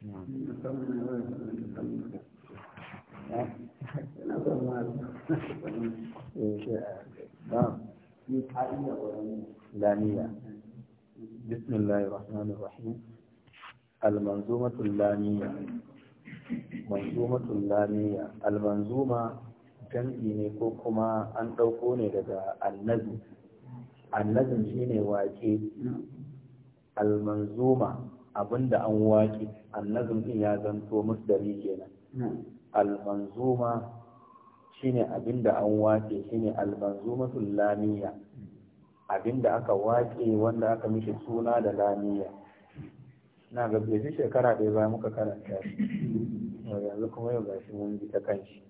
بسم الله الرحمن الرحيم المنظومة اللامية منظومة اللامية المنظومة كان إني كوكما أن توقوني لدى ne daga annazin annazin المنظومة abinda an waƙi annazin din ya zanto musdari kenan almanzuma shine abinda an waƙe shine almanzumatul lamiya abinda aka waƙe wanda aka mishi suna da lamiya na ga bai shekara ɗaya ba muka karanta shi yanzu kuma yau gashi mun bi ta kanshi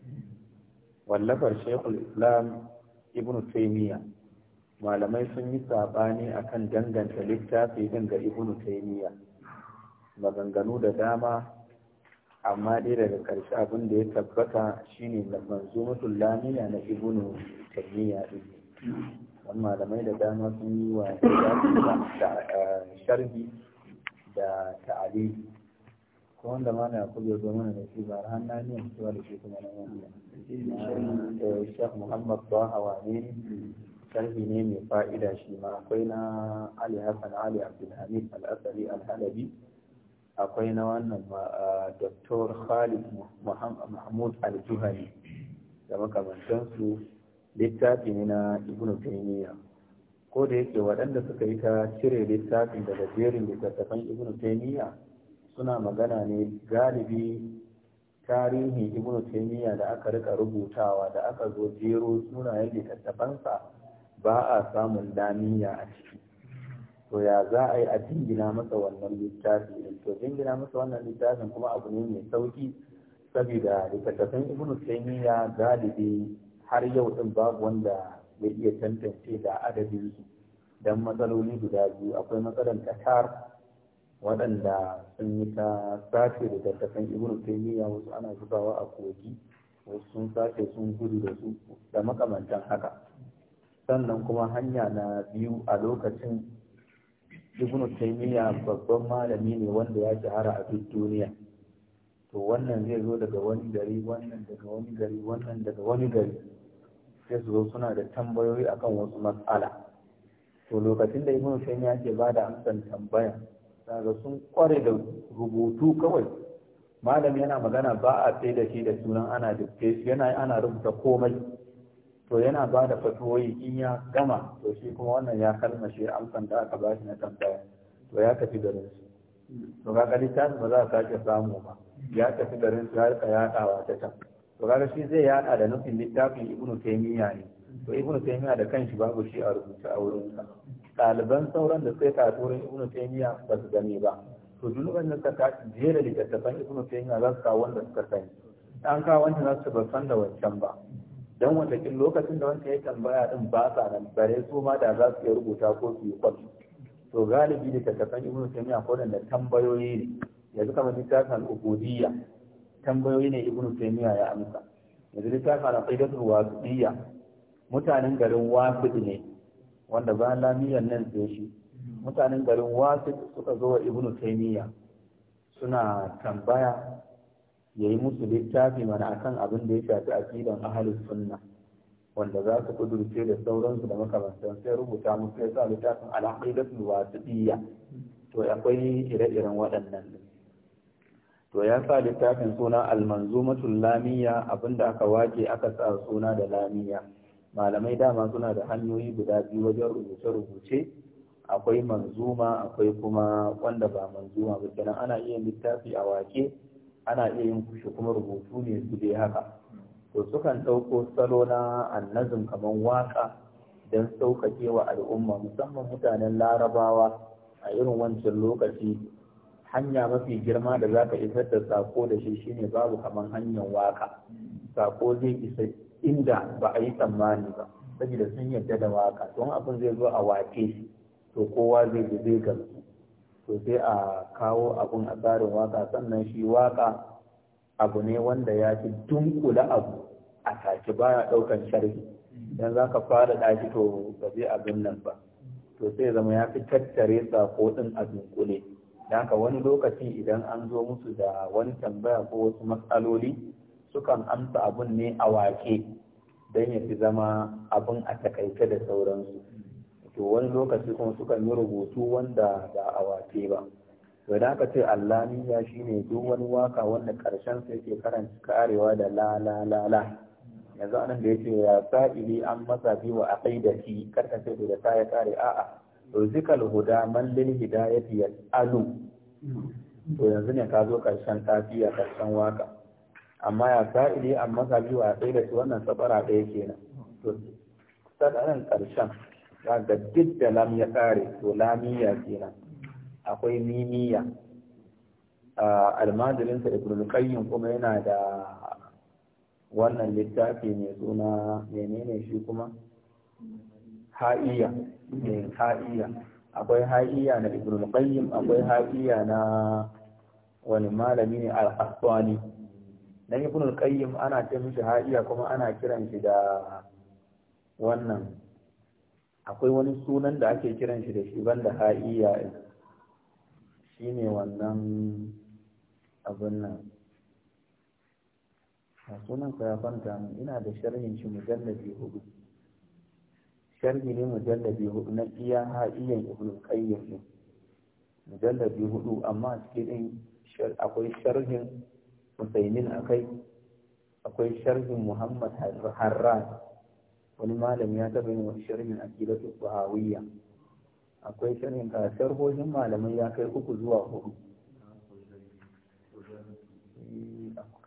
wallafar shekul islam ibn taymiya malamai sun yi saɓani akan danganta littafi din ga ibn taymiya maganganu da dama amma dai daga ƙarshe abin da ya tabbata shine manzumatul lamina na ibnu taymiya din wannan malamai da dama sun yi wa sharhi da ta'ali ko wanda ma na kuzo zo mana da shi ba hannu ne ne cewa da shi kuma na wannan eh, Sheikh Muhammad Baha ne. sharhi ne mai fa'ida shi ma akwai na Ali Hassan Ali Abdulhamid Al-Asali Al-Halabi akwai na wannan Dr. Khalid Mahmud al juhari da makamantansu littafi ne na Ibn taymiya ko da yake waɗanda suka yi ta cire littafin daga jerin littattafan Ibn taymiya suna magana ne galibi tarihin Ibn taymiya da aka rika rubutawa da aka zo jero sunayen littattafansa ba a samun damiya a ciki to ya za a yi a jingina masa wannan littafi din to jingina masa wannan littafin kuma abu ne mai sauki saboda littattafan ibnu taymiya galibi har yau din babu wanda ya iya tantance da adadin su dan matsaloli guda biyu akwai matsalar qatar waɗanda sun yi ta sace littattafan ibnu taymiya wasu ana zubawa a kogi wasu sun sace sun gudu da su da makamantan haka sannan kuma hanya na biyu a lokacin ibnu taymiya babban malami ne wanda ya shahara a duk duniya to wannan zai zo daga wani gari wannan daga wani gari wannan daga wani gari sai su zo suna da tambayoyi akan wasu matsala to lokacin da ibnu taymiya ke ba da amsan tambaya daga sun kware da rubutu kawai malam yana magana ba a tsaye da shi da sunan ana dictation yana ana rubuta komai to yana ba da fatuwoyi in ya gama to shi kuma wannan ya kalmashe amsan da aka bashi na tambaya to ya tafi garin su to kadi ta ba za a sake samu ba ya tafi garin su har ka yadawa ta ta to ga shi zai yada da nufin littafin ibnu taymiya ne to ibnu taymiya da kanshi babu shi a rubuce a wurin sa ɗaliban sauran da suka karatu wurin ibnu taymiya ba su gani ba to duk wanda suka tashi jera littattafan ibnu taymiya za su kawo wanda suka sani an kawo wanda za su ba san da wancan ba don watakin lokacin da wancan ya tambaya din ba sa nan bare su ma da za su iya rubuta ko su yi kwal to galibi da tattafan ibnu taymiya ko da tambayoyi ne yanzu kamar littafin al-ubudiyya tambayoyi ne ibnu taymiya ya amsa yanzu littafin al-qaidatul wasiyya mutanen garin wasid ne wanda ba lamiyan nan sai shi mutanen garin wasid suka zo wa ibnu taymiya suna tambaya ya yi musu littafi mana akan abin da ya shafi aqidan ahlus sunna wanda za su kudurce da sauransu da makamantan sai rubuta musu ya sa littafin al-aqidatul wasitiyya to akwai ire-iren waɗannan to ya sa littafin suna al-manzumatul lamiya abinda aka wake aka sa suna da lamiya malamai dama suna da hanyoyi guda biyu wajen rubuce-rubuce akwai manzuma akwai kuma wanda ba manzuma ba kenan ana iya littafi a wake ana iya yin shi kuma rubutu ne su dai haka to sukan ɗauko salo na annazin kamar waka don sauƙaƙe wa al'umma musamman mutanen larabawa a irin wancan lokaci hanya mafi girma da za ka isar da sako da shi shine babu kaman hanyar waka sako zai isa inda ba a yi tsammani ba saboda sun yarda da waka don abin zai zo a wake shi to kowa zai zai gamsu to sai a kawo abun a tsarin waka sannan shi waka abu ne wanda ya fi dunkula abu a take baya daukan sharhi idan zaka fara ɗaki to ba zai abin nan ba to sai zama ya fi tattare sako ɗin a dunkule dan haka wani lokaci idan an zo musu da wani tambaya ko wasu matsaloli sukan amsa abun ne a wake dan ya fi zama abun a takaice da sauransu to wani lokaci kuma suka yi rubutu wanda ba a wace ba to da aka ce allamiya shine duk wani waka wanda karshen sa yake karanta karewa da la la la la yanzu anan da yake ya sa'ili an masa bi wa aqidati karka ce da ta ya kare a'a to zikal huda man lil hidayati yasalu to yanzu ne ka zo karshen tafiya karshen waka amma ya sa'ili an masa bi wa aqidati wannan sabara da yake nan to sadaran karshen ga duk da lam ya tsare to lamiya kenan akwai mimiya sa ibn qayyim kuma yana da wannan littafi mai suna menene shi kuma ha'iya ne eh, ha'iya akwai ha'iya na ibn qayyim akwai ha'iya na wani malami ne al-aswani na ibn qayyim ana ce mishi ha'iya kuma ana kiran shi da wannan akwai wani sunan da ake kiran shi da shi banda ha'iya shi ne wannan abin nan a sunan ya ban min ina da sharhin shi mujallabi hudu sharhi ne mujallabi hudu na iya ha'iyan ibn qayyim ne mujallabi hudu amma cikin din akwai sharhin Husaynin akai akwai sharhin Muhammad Harran wani malami ya taɓa yin wani sharhin aqidatu sahawiyya akwai sharhin ka sharhohin malamai ya kai uku zuwa hudu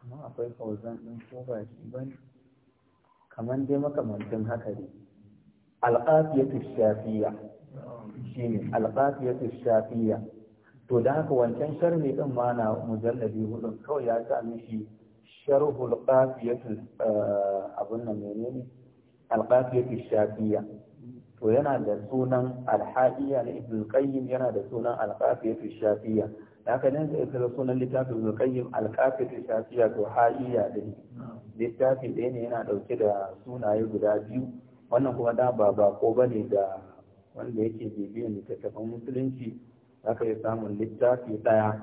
kuma akwai fauzan ɗin ko ba shi ba ne kamar dai makamantin haka ne alƙafiyatu shafiya shi ne alƙafiyatu shafiya to da haka wancan sharhi ɗin ma na mujallabi hudu kawai ya sa mishi sharhul ƙafiyatu eh, abin nan menene alƙafiyar shafiya to yana da sunan alha'iya na ibn qayyim yana da sunan alƙafiyar shafiya da aka yanzu ya da sunan littafin ibn qayyim alƙafiyar shafiya to ha'iya ne littafi ɗaya ne yana ɗauke da sunaye guda biyu wannan kuma da ba ba ba ne da wanda yake bibiyar littattafan musulunci aka yi samun littafi ɗaya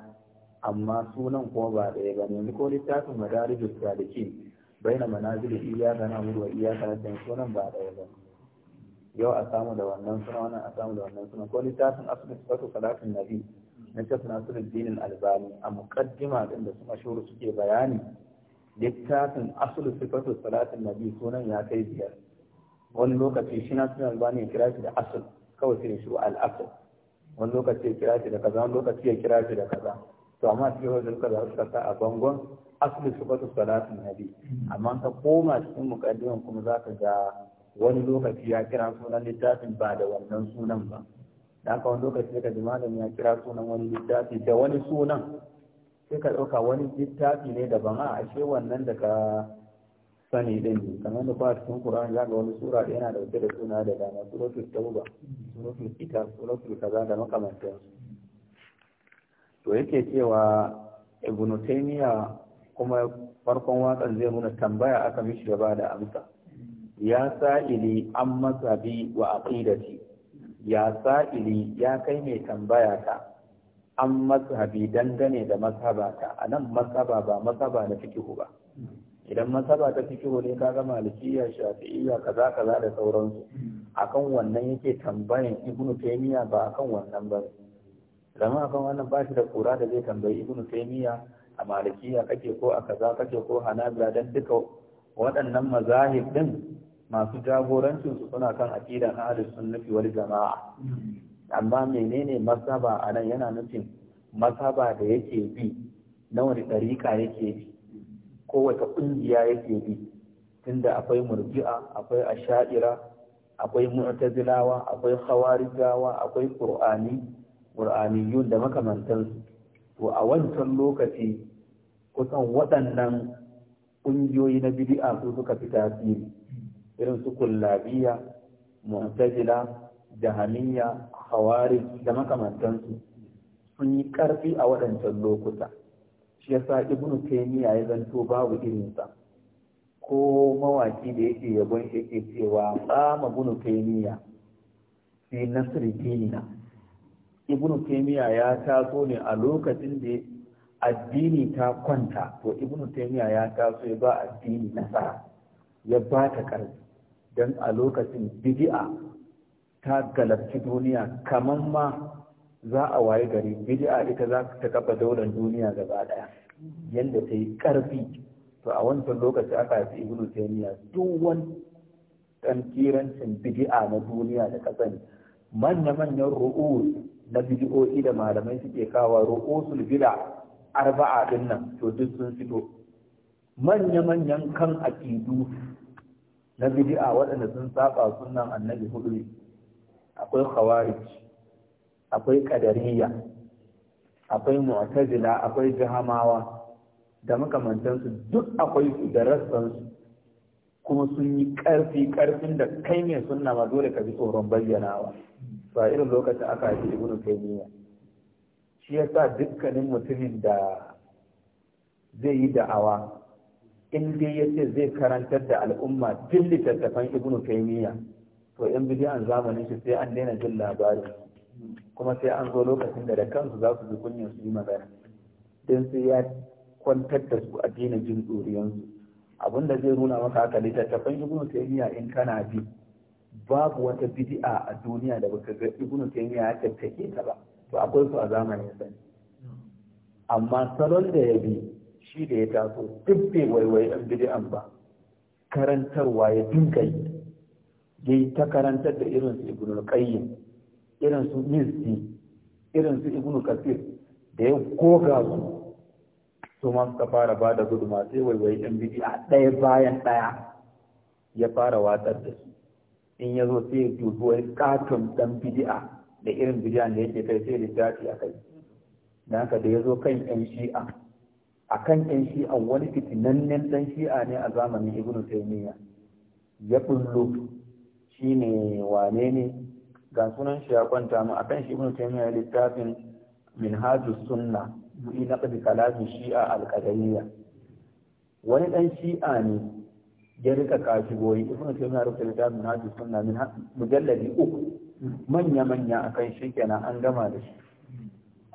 amma sunan kuma ba daya ba ne ko littafin madarijus ke. baina manazili iyaka na wa iyaka na can sunan ba daya ba yau a samu da wannan suna wannan a samu da wannan suna ko littafin asibin sifatu salatin nabi na tafin asirin dinin albani a muqaddima din da su mashuru suke bayani littafin asirin sifatu salatin nabi sunan ya kai biyar wani lokaci shi na sunan albani ya kira shi da asul kawai sai shi asl wani lokaci ya kira shi da kaza wani lokaci ya kira shi da kaza to amma cikin wajen kaza suka sa a bangon asli sifatu salatin nabi amma ka koma cikin muqaddiman kuma zaka ga wani lokaci ya kira sunan littafin ba da wannan sunan ba da haka wani lokaci ka ji malam ya kira sunan wani littafi da wani sunan sai ka ɗauka wani littafi ne daban a ashe wannan da ka sani din ne kamar da kuma cikin Qur'an ya ga wani sura da yana dauke da suna da dama suratul tauba suratul kitab suratul kaza da makamantan to yake cewa ibnu taymiya kuma farkon watsan zai nuna tambaya aka mishi gaba da amsa ya sa'ili an masa bi wa aqidati ya sa'ili ya kai mai tambaya ta an mazhabi dangane da mazhaba ta a nan ba mazhaba na fikihu ba idan mazhaba ta fikihu ne ka ga malikiya shafi'iyya kaza kaza da sauransu akan wannan yake tambayan ibnu taymiya ba akan wannan ba zama akan wannan ba shi da kura da zai tambayi ibnu taymiya a malikiya kake ko a kaza kake ko hanabila dan duka waɗannan mazahib din masu jagorancin su suna kan na ahlus sunnati wal jamaa amma menene masaba anan yana nufin masaba da yake bi na wani dariƙa yake bi ko wata ƙungiya yake bi tunda akwai murji'a akwai asha'ira akwai mu'tazilawa akwai khawarijawa akwai qur'ani qur'aniyun da makamantansu to a wancan lokaci kusan waɗannan ƙungiyoyi na bidi'a su suka fi tasiri irin su kullabiya mu'tazila Jahamiya, hawari da makamantansu sun yi ƙarfi a waɗancan lokuta shi yasa ibnu taymiya ya zanto babu irinsa ko mawaki da yake yabon shi yake cewa tsama ibnu taymiya fi nasri dinina ibnu taymiya ya taso ne a lokacin da addini ta kwanta to ibnu taymiya ya taso ya ba addini nasara ya ba ta karfi don a lokacin bid'a ta galabci duniya kamar ma za a waye gari bid'a ita za ta kafa daular duniya gaba daya yadda ta yi karfi to a wancan lokaci aka yi ibnu taymiya duk wani kirancin bid'a na duniya da ka sani manya-manyan ru'u na bid'o'i da malamai suke kawa ru'usul bid'a arba'a din nan to duk sun fito manya-manyan kan aƙidu na bidi'a waɗanda sun saba sunan annabi hudu akwai khawarij akwai qadariyya akwai mu'tazila akwai jahamawa da makamantansu duk akwai su da rassansu kuma sun yi ƙarfi ƙarfin da kai mai sunna ma dole ka bi tsoron bayyanawa ba irin lokacin aka haifi ibnu taymiyyah shi yasa dukkanin mutumin da zai yi da'awa in dai ya ce zai karantar da al'umma tun littattafan ibnu taimiyya to yan bidiyan zamanin shi sai an daina jin labarin kuma sai an zo lokacin da da kansu za su ji kunya su yi magana don sai ya kwantar da su a daina jin tsoriyansu abin da zai nuna maka haka littattafan ibnu taimiyya in kana bi babu wata bidi'a a duniya da baka ga ibnu taimiyya ya tattake ta ba to akwai su a zamanin sa amma salon da ya bi shi da ya taso duk bai waiwai ɗan bidi'an ba karantarwa ya dinga yi ya yi ta karantar da irin su ibn qayyim irin su mizzi irin su ibn kasir da ya goga su su ma suka fara ba da guduma sai waiwai ɗan bidi'a ɗaya bayan ɗaya ya fara watsar da su in ya zo sai ya dubi wani katon ɗan bidi'a da irin bidiyan da yake kai sai littafi a kai don haka da ya zo kan yan shi'a a kan yan shi'a wani fitinannen dan shi'a ne a zamanin ibn taymiya ya bullo shine wane ne ga sunan shi ya kwanta mu A kan shi ibn taymiya littafin minhajus sunna bi naqdi kalamin shi'a al-qadariyya wani dan shi'a ne ya rika kashi goyi ibn taymiya rubuta littafin minhajus sunna min mujalladi uku manya-manya a kai shi kenan an gama da shi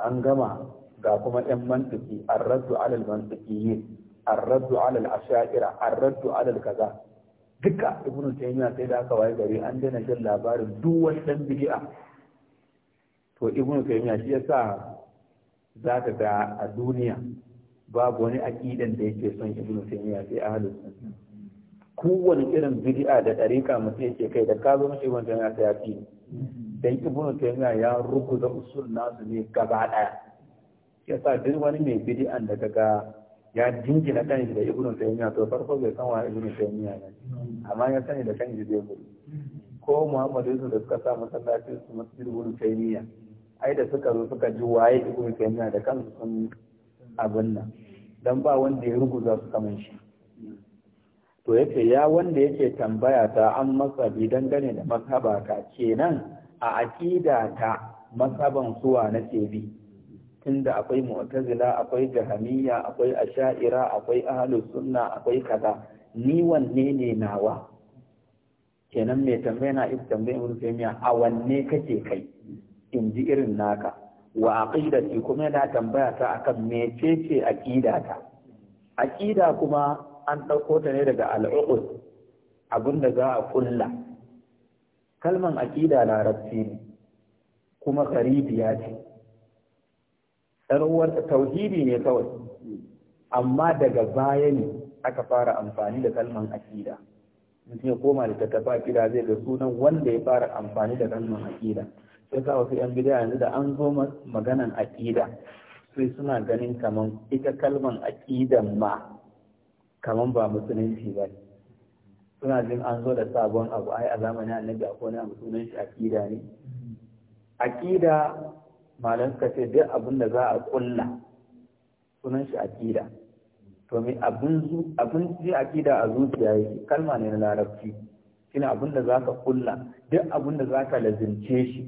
an gama ga kuma 'yan mantiki arraddu alal mantikiyi arraddu alal asha'ira arraddu alal kaza duka ibnu taymiya sai da aka waye gari an dana jin labarin duk wani bid'a to ibnu taymiya shi yasa za ka ga a duniya babu wani aqidan da yake son ibnu taymiya sai ahlus sunna kowane irin bid'a da dariƙa mutum yake kai da ka zo mashi ibnu taymiya sai ya dan ibnu taymiya ya rubuta usul nasu ne gaba daya yasa duk wani mai bid'a da kaga ya jingina kanshi da ibnu taymiya to farko bai san wa ibnu taymiya ne amma ya sani da kanshi zai gudu ko muhammadu yusuf da suka sa masallacin su masjid ibnu taymiya ai da suka zo suka ji waye ibnu taymiya da kansu sun abin nan dan ba wanda ya ruguza su kaman shi to yake ya wanda yake tambaya ta an masabi dangane da masaba ka kenan a aqida ta masaban suwa na tebi. tunda akwai mu'tazila akwai jahamiyya akwai asha'ira akwai ahlus sunna akwai kaza ni wanne ne nawa kenan mai tambaya na ita tambayar sai miya. a wanne kake kai in ji irin naka wa aqidati kuma yana tambaya ta akan mecece aqida ta aqida kuma an ɗauko ta ne daga al'uqud abin da za a ƙulla kalman aƙida larabci ne kuma karibiya ce ɗaruwar tauhidi ne kawai amma daga baya ne aka fara amfani da kalman aƙida mutum ya koma da tattafa aƙida zai ga sunan wanda ya fara amfani da kalman aƙida sai sa wasu yan gida yanzu da an zo maganan aƙida sai suna ganin kamar ita kalman aƙidan ma kamar ba musulunci ba suna jin an zo da sabon abu ai a zamanin annabi akwai na musulunci aƙida ne Aƙida malam suka ce duk abin da za a kulla sunan shi aƙida. to me abin zu abin ji akida a zuciya yake kalma ne na larabci Kina abin da za ka kulla duk abin da za ka lazimce shi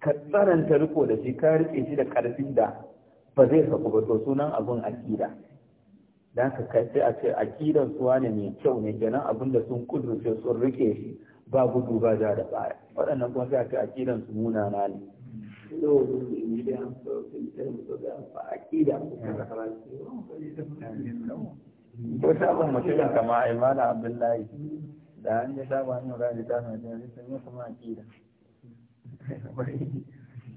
ka tsaranta riko da shi ka rike shi da karfin da ba zai saku ba to sunan abin aƙida. dan ka kai sai a ce aqidan su wane mai kyau ne kenan abinda sun kudurce sun rike shi ba gudu ba da da baya waɗannan kuma sai a ce aqidan su muna na ne ko sabon mutumin kama a imana abdullahi da an yi sabon yin rani ta mai jari sun yi kuma akida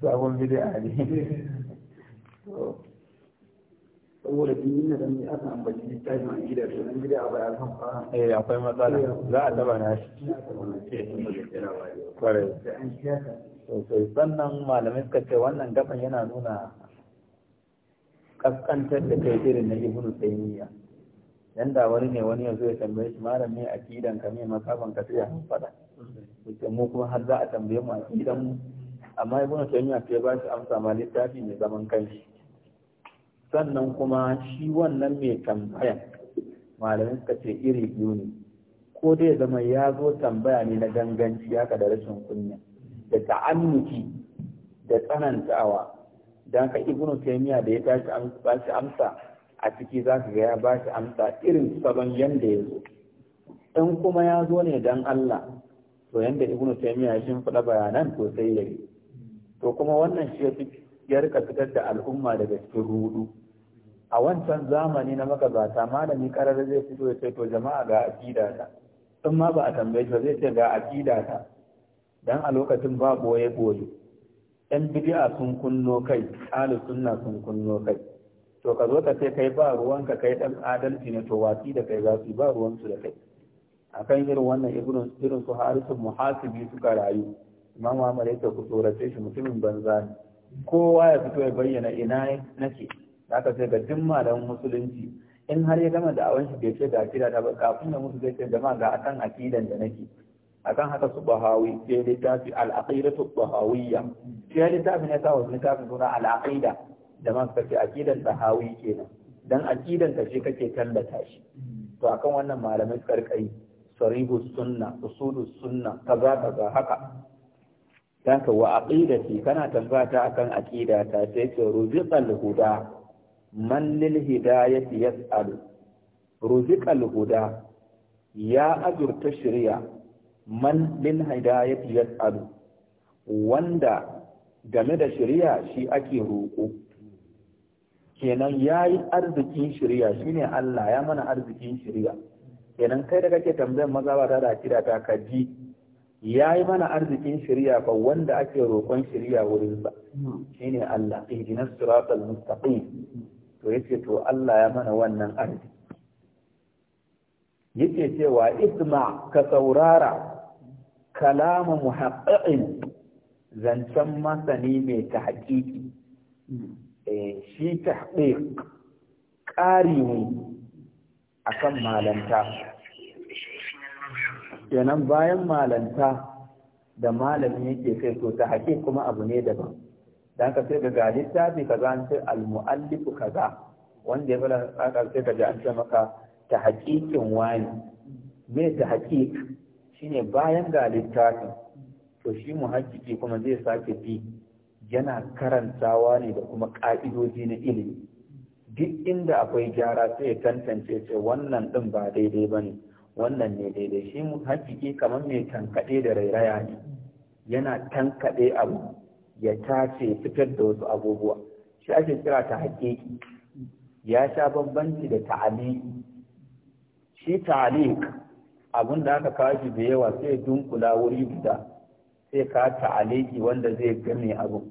sabon bidiya ne saboda duk da mai aka ambaci littafin a gida to nan gida akwai kan fara eh akwai matsala eh, za a taba na shi eh, kwarai sosai sannan malamai suka ce wannan gaban yana nuna kaskantar da kai irin na ibnu taymiya dan da wani ne wani yazo ya tambaye shi malam a akidan ka me masaban ka sai an fada to mu kuma har za a tambaye mu akidan mu amma ibnu taymiya sai ba shi amsa ma littafi mai zaman kanshi sannan kuma shi wannan mai tambaya malamin suka ce iri biyu ne ko dai zama ya zo tambaya ne na ganganci haka da rashin kunya da ta'annuki da tsanantawa don ka ibnu taymiya da ya tashi ba shi amsa a ciki za ka ga ya ba shi amsa irin sabon yanda ya zo in kuma ya zo ne don Allah to yanda ibnu taymiya ya shimfiɗa bayanan to sai ya to kuma wannan shi ya rika fitar da al'umma daga cikin rudu a wancan zamani na makazata malami karar zai fito ya ce to jama'a ga aƙida ta in ma ba a tambaye shi zai ce ga aƙida ta dan a lokacin ba boye boye ɗan bid'a sun kunno kai ahlu sunna sun kunno kai to ka zo ka ce kai ba ruwanka kai dan adalci ne to wasi da kai za su ba ruwansu da kai akan irin wannan irin irin su harisun muhasibi suka rayu imam Ahmad yake ku tsorace shi mutumin banza ne kowa ya fito ya bayyana ina nake da aka sai ga duk malamin musulunci in har ya gama da awan shi bai ce da akida ta ba kafin da musu zai ce jama'a ga akan akidan da nake akan haka su bahawi sai littafi al-aqidatu bahawiyya sai littafi ne sa wasu littafin suna al-aqida da ma suka ce akidan bahawi kenan dan akidan ka shi kake tallata shi to akan wannan malamai karkai sarihu sunna usulu sunna kaza kaza haka dan ka wa aqidati kana tambata akan aqida ta sai ce rubiqal huda man lil hidayati yas'alu ruziqal huda ya azurta shari'a man lil hidayati yas'alu wanda game da shari'a shi ake roƙo kenan yayi arzikin shari'a shine Allah ya mana arzikin shari'a kenan kai da kake tambayar maza ba da kira ta kaji ya yi mana arzikin shirya ba wanda ake roƙon shirya wurinsa shi ne Allah ihdinas siratal mustaqim to yace to Allah ya mana wannan arziki yake cewa isma ka saurara kalaman muhaqqiqin zancen masani mai tahqiqi eh shi tahqiq ƙari ne akan malanta kenan bayan malanta da malami yake kai to tahqiq kuma abu ne daban dan ka sai ga ga littafi kaza an ce al muallif kaza wanda ya fara aka sai ka ji an ce maka ta haƙiƙin wani me ta haƙiƙ shine bayan ga littafi to shi mu muhakkiki kuma zai sake bi yana karantawa ne da kuma ƙa'idoji na ilimi duk inda akwai gyara sai ya tantance ce wannan din ba daidai ba ne wannan ne daidai shi mu hakiki kamar mai tankaɗe da rairaya ne yana tankaɗe abu ya tace fitar da wasu abubuwa shi ake kira ta haƙiƙi ya sha bambanci da ta'aliki shi ta'alik abin da aka kawo shi da yawa sai dunkula wuri guda sai ka ta'aliki wanda zai gane abu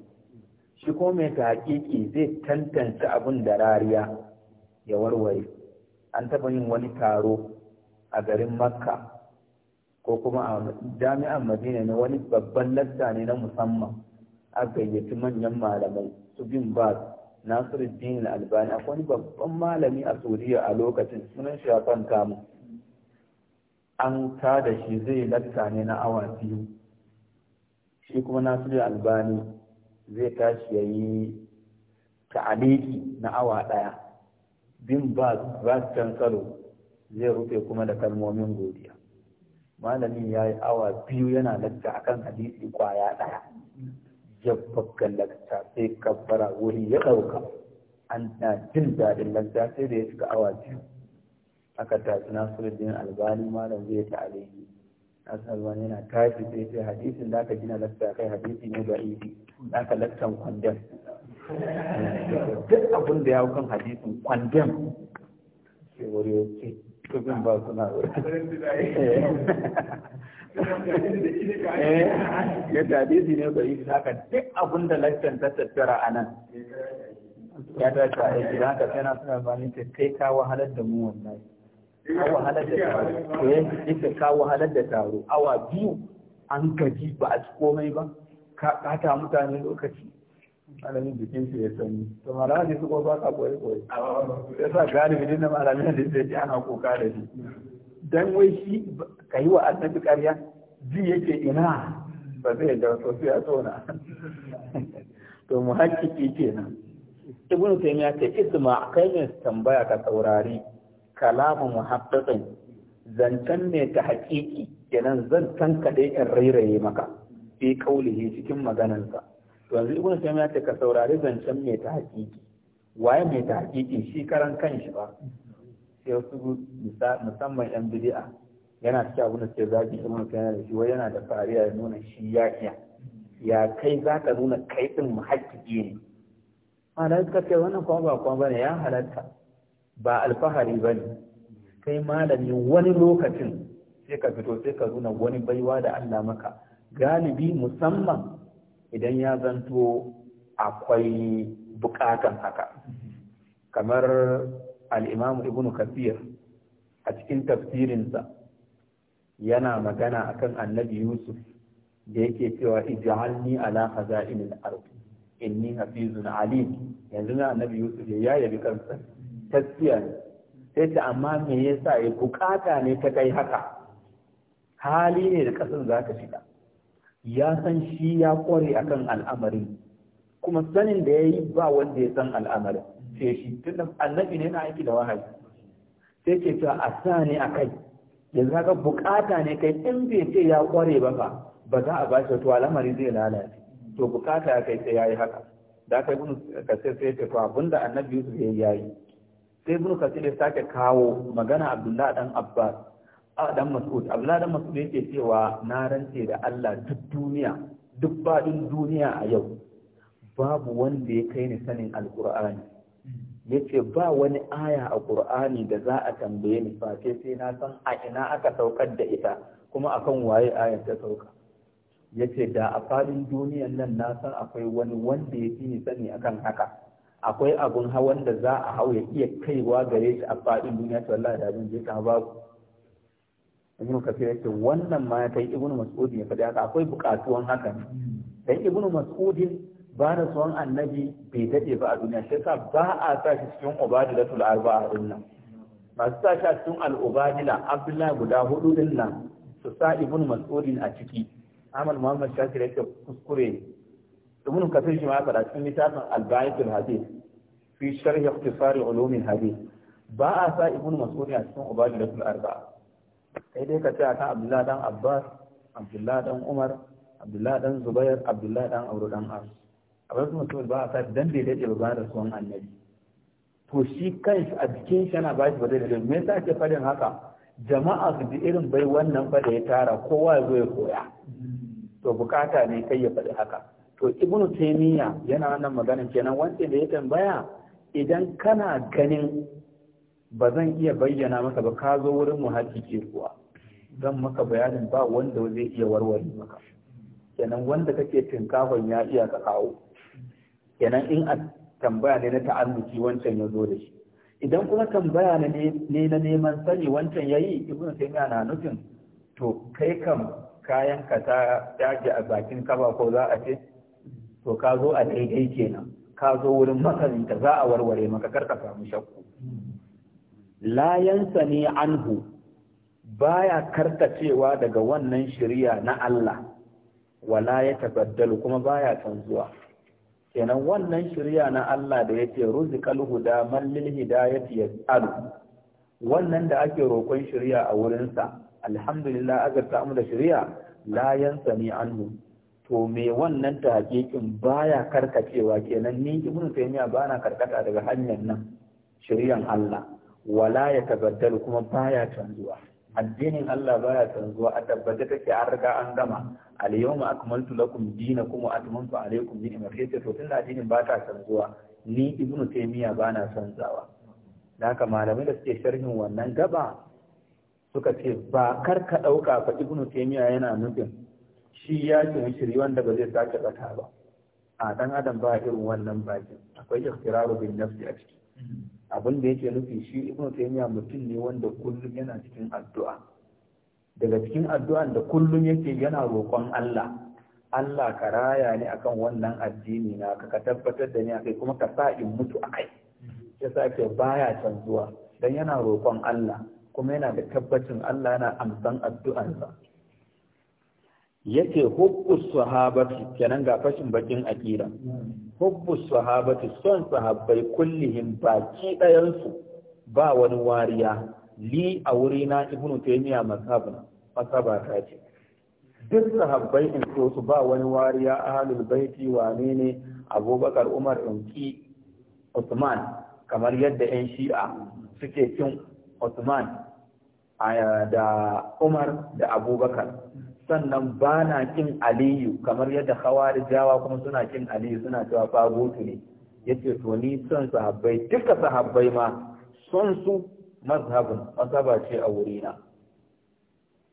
shi ko mai ta haƙiƙi zai tantance abin da rariya ya warware an taɓa yin wani taro a garin makka ko kuma a jami'an madina na wani babban lasta ne na musamman a gayyaci manyan malamai su bin bas nasiruddin albani akwai wani babban malami a suriya a lokacin sunan shi a kamu an tada shi zai latta ne na awa biyu shi kuma nasiru albani zai tashi ya yi ta'aliki na awa ɗaya bin ba ba can karo zai rufe kuma da kalmomin godiya malamin ya yi awa biyu yana latta akan hadisi kwaya ɗaya jabbakan lakta sai kabbara wuri ya ɗauka an na jin daɗin lakta sai da ya cika awa biyu aka tafi nasiruddin albani malam zai ta alaihi nasir albani yana tafi sai sai hadisin da aka gina lakta kai hadisi ne da ibi da aka laktan kwandam duk abin da ya kan hadisin kwandam sai wuri ya ce kudin ba suna ya tabi su eh, ne ba yi haka duk abin da lakcin ta tattara a nan ya dace a yi haka sai na suna ba ta kai ka wahalar da mu wannan ka wahalar da taro eh ita ka wahalar da taro awa biyu an gaji ba a ci komai ba ka ta mutane lokaci malamin jikin su ya sani, to malaman su ko ba ka koyi koyi ya sa galibi din malamin da zai ji ana koka da shi dan wai shi ka yi wa annabi ƙarya ji yake ina ba zai da sosai a tona to mu haƙƙiƙi kenan ibnu taymiya ta isma kai ne tambaya ka saurari kalamu muhaddathin zantan ne ta hakiki kenan zantan kaɗai in rairaye maka fi kaulihi cikin maganansa yanzu ibn taymiya ce ka saurari zancen mai ta hakiki waye mai ta hakiki shi karan shi ba sai wasu musamman yan bid'a yana cikin abin da suke zagi ibn taymiya da shi wai yana da fariya ya nuna shi ya iya ya kai zaka nuna kai din muhakkiki ne ana suka ce wannan kuma ba kuma bane ya halatta ba alfahari bane kai malami wani lokacin sai ka fito sai ka nuna wani baiwa da Allah maka galibi musamman idan ya zanto akwai bukatan haka kamar al'imamu ibn kafir a cikin tafsirinsa yana magana akan annabi yusuf da yake cewa ij'alni ala khaza'inil ard inni hafizun alim yanzu na annabi yusuf ya yabi kansa taskiya sai ta amma me yasa ya bukata ne ta kai haka hali ne da kasan zaka shiga ya san shi ya kware akan al'amarin kuma sanin da ya yi ba wanda ya san al'amarin sai shi tun da annabi ne na aiki da wahayi sai ce ta a sa ne a kai yanzu haka bukata ne kai in bai ce ya kware ba fa ba za a bashi to al'amari zai lalace to bukata ya kai sai ya yi haka da aka bunu ka sai ce to abinda annabi yusuf ya yi sai ibnu kasir ya sake kawo magana abdullahi dan abbas a dan mas'ud abla dan mas'ud yake cewa na rantse da Allah duk duniya duk fadin duniya a yau babu wanda ya kai ni sanin alqur'ani yace ba wani aya a qur'ani da za a tambaye ni fa sai sai na san a ina aka saukar da ita kuma akan waye ayar ta sauka yace da a fadin duniyan nan na san akwai wani wanda ya fi ni sani akan haka akwai abun hawan da za a hau ya iya kaiwa gare shi a fadin duniya ta wallahi da abin je ka babu ibn kafir yake wannan ma kai ibn mas'ud ya faɗi haka akwai buƙatuwan haka dan ibn mas'ud ba da tsohon annabi bai dade ba a duniya shi sa ba a sa shi cikin ubadilatul arba'a din nan masu sa shi a cikin al'ubadila abdullahi guda hudu din nan su sa ibn mas'udin a ciki Ahmad Muhammad Shakir yake kuskure Ibn Kathir shi ma fara cikin littafin Al-Baitul Hadith fi sharh ikhtisar ulum al-hadith ba a sa Ibn Mas'ud a cikin Ubadilatul Arba'a kai dai ka ce akan abdullahi dan abbas abdullahi dan umar abdullahi dan zubair abdullahi dan auro dan as a wasu mutum ba a sa dan bai daɗe ba da suwan annabi to shi kai a jikin shi yana bashi ba zai daɗe me yasa ake faɗin haka jama'a su ji irin bai wannan fa da ya tara kowa ya zo ya koya to bukata ne kai ya faɗi haka to ibnu taymiya yana wannan maganin kenan wanda da ya tambaya idan kana ganin ba zan iya bayyana maka ba ka zo wurin kike kuwa zan maka bayanin ba wanda zai iya warware maka kenan wanda kake tinkafon ya iya ka kawo kenan in a tambaya ne na ta'alluki wancan ya zo da shi idan kuma tambaya ne na neman sani wancan ya yi ibn taymiya na nufin to kai kam kayan ka ta yage a bakin kaba ko za a ce to ka zo a daidai kenan ka zo wurin masaninta za a warware maka kar ka samu shakku yansa ne anhu baya karkacewa daga wannan shirya na Allah wala ya tabaddalu kuma baya canzuwa kenan wannan shirya na Allah da yake ruzqal huda man lil hidayati yas'alu wannan da ake roƙon shirya a wurin sa alhamdulillah azarta mu da shirya la ne anhu to me wannan ta hakikin baya karkacewa kenan ni ibnu taymiya bana karkata daga hanyar nan shiryan Allah wala ya tabaddalu kuma baya canzuwa addinin Allah baya canzuwa a tabbata take an riga an gama al yawma akmaltu lakum dinakum wa atmamtu alaykum ni'mati to tunda addinin ba ta canzuwa ni ibnu taymiya na canzawa da haka malamai da suke sharhin wannan gaba suka ce ba kar ka dauka fa ibnu taymiya yana nufin shi ya ce shiri wanda ba zai sake bata ba a dan adam ba irin wannan bakin akwai ikhtiraru bin nafsi a ciki abin da yake nufi shi ibn taymiya mutum ne wanda kullum yana cikin addu'a daga cikin addu'an da kullum yake yana roƙon Allah Allah ka raya ni akan wannan addini na ka tabbatar da ni akai kuma ka sa in mutu akai ya ke baya canzuwa dan yana roƙon Allah kuma yana da tabbacin Allah yana amsan addu'arsa yace hubbu sahabati kenan ga fashin bakin akira hubbus sahabati son sahabbai kullihim baki ɗayansu ba wani wariya li a wuri ibnu taymiya masabana masaba ta ce duk sahabbai in so su ba wani wariya ahlul baiti wane ne abubakar umar ki usman kamar yadda 'yan shi'a suke cin usman da umar da abubakar sannan ba na kin aliyu kamar yadda khawarijawa kuma suna kin aliyu suna cewa fagotu ne yace to ni son sahabbai duka sahabbai ma son su mazhabin mazhaba ce a wurina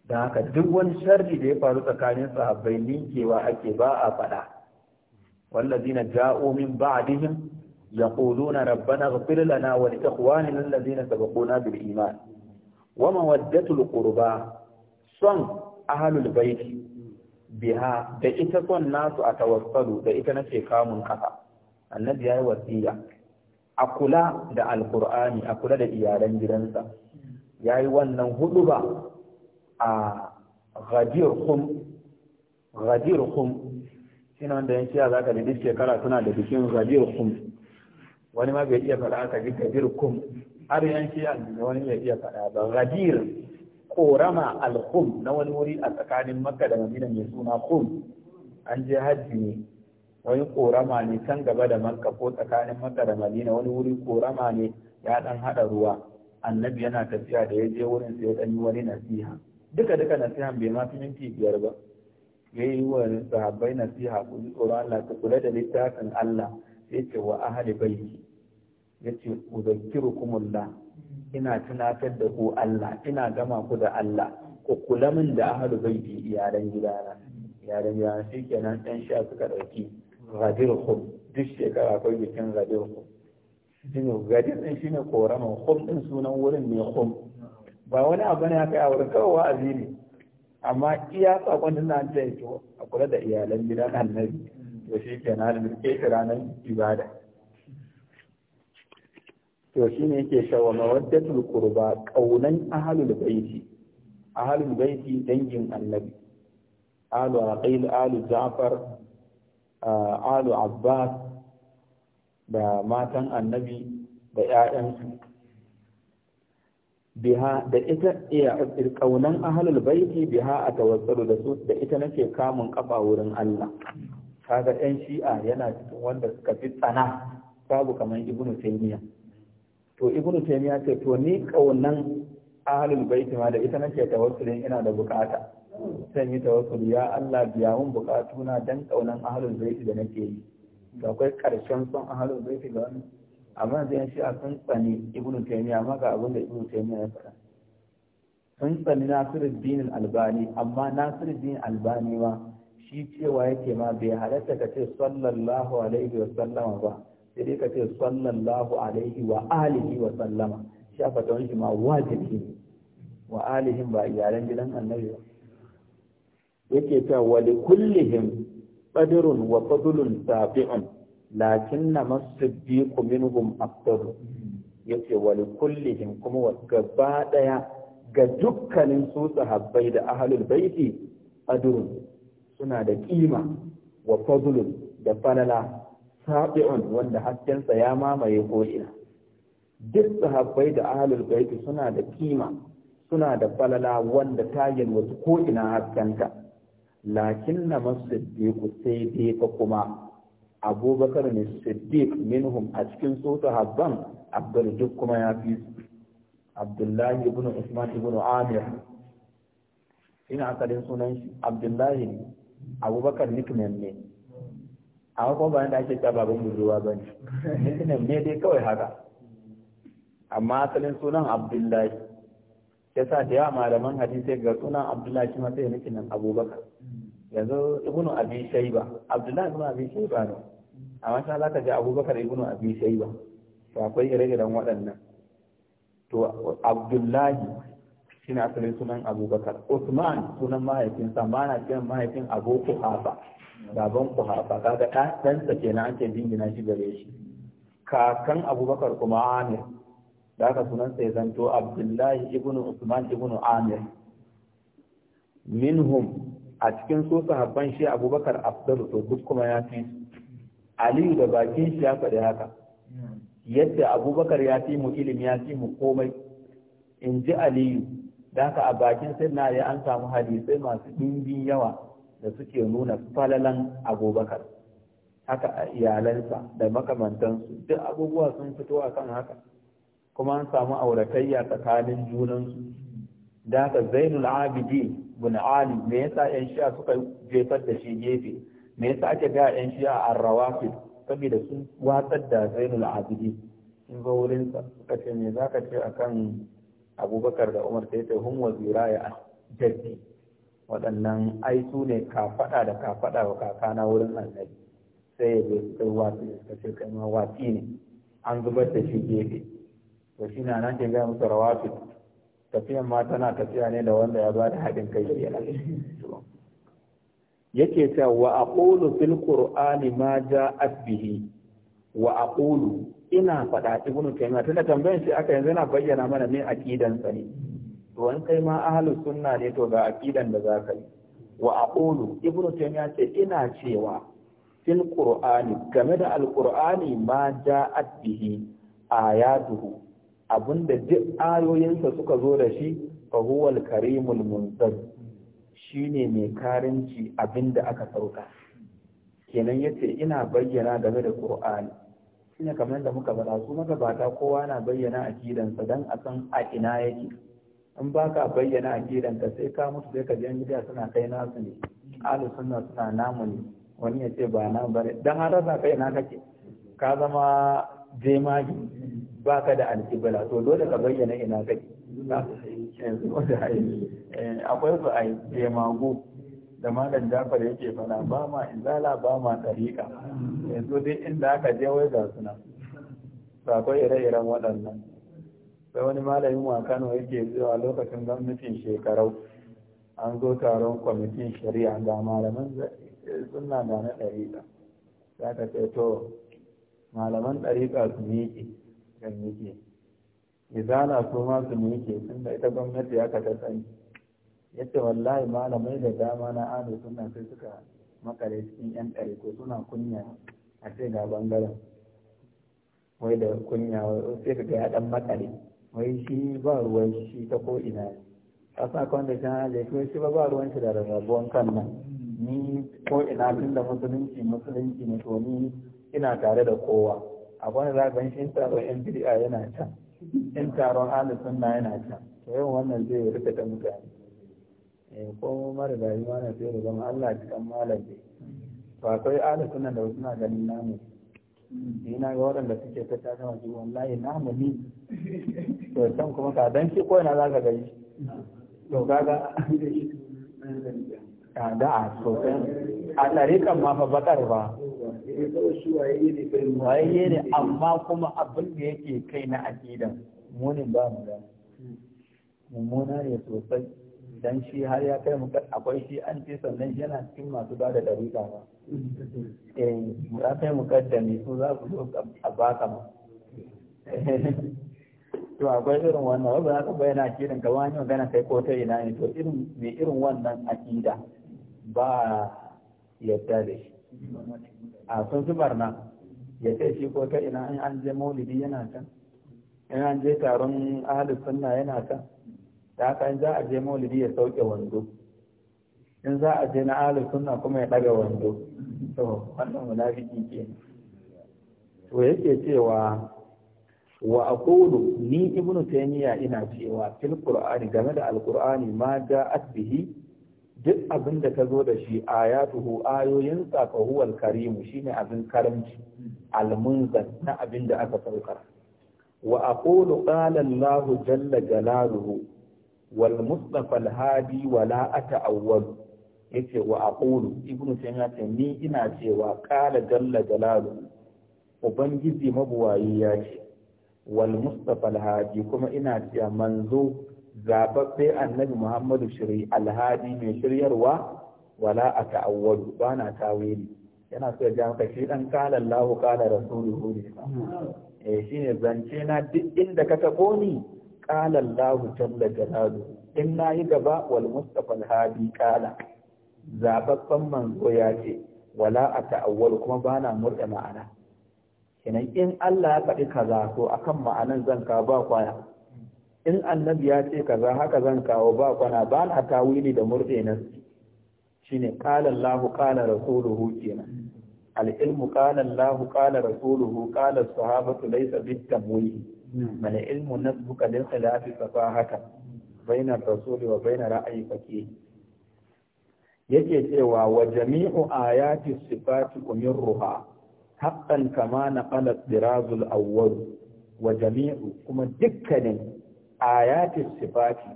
da haka duk wani sharri da ya faru tsakanin sahabbai ninkewa ake ba a faɗa wallazina ja'u min ba'dihim yaquluna rabbana ighfir lana wa li ikhwanina alladhina sabaquna bil iman wa mawaddatul qurba son ahalul baiti biha da ita son nasu a tawassalu da ita nace kamun kafa annabi yayi wasiya a kula da alqur'ani a kula da iyalan gidansa yayi wannan huduba a ghadirhum ghadirhum ghadir shine wanda yake shiya zaka da duk shekara suna da bikin ghadirhum wani ma bai iya faɗa ka ji ghadir khum har yan shiya wani bai iya faɗa ba ghadir korama al-khum na wani wuri a tsakanin makka da madina mai suna khum an je hajji ne wani korama ne can gaba da makka ko tsakanin makka da madina wani wuri korama ne ya dan hada ruwa annabi yana tafiya da ya je wurin sai ya dan yi wani nasiha duka duka nasihan bai ma fi minti biyar ba ya wa sahabbai nasiha ku ji tsoron Allah ku kula da littafin Allah sai wa ahli bayti yace udhkirukumullah ina tunatar da ku Allah ina gama ku da Allah ku kula min da ahalu baiti iyalan gidana iyalan gidana shi kenan ɗan sha suka ɗauki khum duk shekara akwai bikin radirhum khum ne gadir ɗin shine ne koraman hum ɗin sunan wurin ne khum ba wani abu ne aka yi a wurin kawai wa'azi ne amma iya sakon din na ta yi a kula da iyalan gidan annabi to shi kenan da ke ranar ibada to ne yake cewa mawaddatul qurba kaunan ahlul baiti ahlul baiti dangin annabi alu aqil alu ja'far alu abbas da matan annabi da ƴaƴansu biha da ita iya kaunan ahlul baiti biha a tawassalu da su da ita nake kamun kafa wurin Allah kaga ɗan shi'a yana cikin wanda suka fi tsana babu kaman ibnu taymiyyah to ibnu taymiya ce to ni kaunan ahlul bait ma da ita nake tawassulin ina da bukata sai ni tawassul ya Allah biya mun bukatuna dan kaunan ahlul bait da nake yi da akwai karshen son ahlul bait ga wannan amma zai shi a san tsani ibnu taymiya ma ga abin da ibnu taymiya ya faɗa sun tsani nasiruddin albani amma nasiruddin albani ma shi cewa yake ma bai halatta ka ce sallallahu alaihi wa sallama ba sai dai ka ce sallallahu alaihi wa alihi wa sallama shafa ta wani ma wajibi ne wa alihin ba iyalan gidan annabi ba yake ta wali kullihim qadirun wa fadlun sabi'un lakinna na minhum afdalu yace wali kullihim kuma wa gaba daya ga dukkanin su sahabbai da ahlul baiti qadirun suna da kima wa fadlun da falala sabi'un wanda haskensa ya mamaye ko'ina duk sahabbai da ahalul baiti suna da kima suna da falala wanda ta yalwata ko'ina haskenta, lakin na ku sai dai fa kuma abubakar ne siddiq minhum a cikin su sahabban abdul duk kuma ya fi abdullahi ibn usman ibn amir ina asalin sunan shi abdullahi abubakar nickname ne a wako ba da ake cewa baban budurwa ba ne ne ne dai kawai haka amma asalin sunan abdullahi ya sa da yawa malaman hadisai ga sunan abdullahi shi masa nufinan nan abubakar yanzu ibnu abi shaiba abdullahi ibnu abi shaiba ne amma sai za ka ji abubakar ibnu abi shaiba to akwai ire-iren waɗannan to abdullahi shine asalin sunan abubakar usman sunan mahaifinsa mana cikin mahaifin abu kuhafa baban ku hafa kaga sa kenan an ce dingina shi gare shi kakan abubakar kuma amir da aka sunan ya zanto abdullahi ibnu usman ibnu amir minhum a cikin su sahabban shi abubakar abdul to duk kuma ya fi aliyu da bakin shi ya faɗi haka yadda abubakar ya fi mu ilimi ya fi mu komai in ji aliyu da ka a bakin sirna ya an samu hadisai masu ɗimbin yawa da suke nuna falalan abubakar haka a iyalansa da makamantansu duk abubuwa sun fito a kan haka kuma an samu auratayya tsakanin junansu da haka zainul abidi bin ali me yasa yan shi'a suka jefar da shi gefe me yasa ake ga yan shi'a rawafi saboda sun watsar da zainul abidi in zo wurinsa suka ce me ka ce akan abubakar da umar sai ta hun wazira ya jaddi waɗannan ai ne kafaɗa da kafaɗa wa kakana wurin annabi sai ya zai kai watsi ne ka ce kai ma watsi ne an zubar da shi gefe to shi na nan ke gaya musu rawatu tafiyan ma tana tafiya ne da wanda ya ba da haɗin kai kenan yake cewa wa aqulu fil qur'ani ma ja'at bihi wa aqulu ina faɗa ibnu taymiya tunda tambayan shi aka yanzu yana bayyana mana ne aqidan sa ne to in kai ma halin sunna ne to ga aqidan da zaka yi wa aqulu ibnu taymiya ce ina cewa fil qur'ani game da alqur'ani ma ja'at bihi ayatuhu abunda duk ayoyinsa suka zo da shi fa huwa al-karimul shine mai karinci abinda aka sauka kenan yace ina bayyana game da qur'ani shine kamar da muka faɗa su magabata kowa na bayyana akidansa dan a san a ina yake in ba ka bayyana a gidanka sai ka mutu sai ka je gida suna kai nasu ne alu suna suna namu ne wani ya ce ba na bane dan har rasa kai na kake ka zama jemagi ba ka da alkibala to dole ka bayyana ina kake eh, akwai su a jemagu da malam jafar yake fana ba ma izala ba ma tariƙa yanzu duk inda aka je wai ga suna sakwai ire-iren waɗannan Da wani malamin wa Kano yake zuwa lokacin gwamnatin shekarau an zo taron kwamitin shari'a ga malaman suna da na ɗariƙa za ka ce to malaman ɗariƙa su miƙe kan miƙe izana su ma su miƙe tun da ita gwamnati ya ka sani. ya wallahi malamai da dama na ado suna sai suka makare cikin yan ɗariƙo suna kunya a ce ga bangaren wai da kunya sai ka ga ya ɗan makare wai shi ba ruwan shi ta ko ina kasa kan da jana da kuma shi ba ba ruwan shi da rarrabuwan kan nan ni ko ina tun da musulunci musulunci ne to ni ina tare da kowa a wani zagan shi in taron yan bid'a yana can in taron ahli yana can to yau wannan zai yi da mutane eh ko mara gari ma na sai da zama Allah cikin malami ba kai ahli sunna da wasu suna ganin namu ina ga waɗanda suke ta ta gama su wallahi na hamani to can kuma ka dan shi ko ina za ka gani to kaga a da a sosai a ɗarikan ma fa bakar ba waye ne amma kuma abin da yake kai na aƙidan munin ba mu da mummuna ne sosai dan shi har ya kai mu akwai shi an ce sannan yana cikin masu ba da dariƙa ba eh ya kai mu ni su za su zo a baka ma to akwai irin wannan wanda za ka bayyana kirin ka wani magana kai ko ta ina ne to irin mai irin wannan akida ba yadda da shi a sun zubar na ya ce shi ko ta ina an je maulidi yana can in an je taron ahalus sunna yana can da haka in za a je maulidi ya sauke wando in za a je na ahlus sunna kuma ya daga wando to wannan munafiki ke to yake cewa wa aqulu ni ibnu taymiya ina cewa fil qur'ani game da alqur'ani ma ja'at bihi duk abin da ka zo da shi ayatuhu ayoyin sa fa Karimu shine abin karamci almunzal na abin da aka saukar wa aqulu qala allah jalla jalaluhu wal mustafa al hadi wa la ata'awwal yace wa aqulu ibnu taymiya ce ni ina cewa qala jalla jalalu ubangiji mabuwayi ya ce wal mustafa al hadi kuma ina cewa manzo zababbe annabi muhammadu shiri hadi mai shiryarwa wala a ta'awwalu ba na tawili yana so ya maka shi dan kala Allahu kala rasuluhu ne hmm. eh shine zance na duk inda ka taɓo ni qala Allah jalla jalaluhu in nayi gaba wal mustafa al hadi qala zababban manzo ya ce wala a ta'awwal kuma bana murda ma'ana kenan in Allah ya faɗi kaza to akan ma'anan zan kawo ba kwana in annabi ya ce kaza haka zan kawo ba kwana ba na tawili da murde na. shine qala Allah qala rasuluhu kenan al ilmu qala Allah qala rasuluhu qala sahabatu laysa bit tamwili Mana ilmu nasbuka lil khilafi fasahatan baina rasul wa baina ra'ayi faqih yake cewa wa jami'u ayati sifati umirruha haqqan kama naqala dirazul awwal wa jami'u kuma dukkanin ayati sifati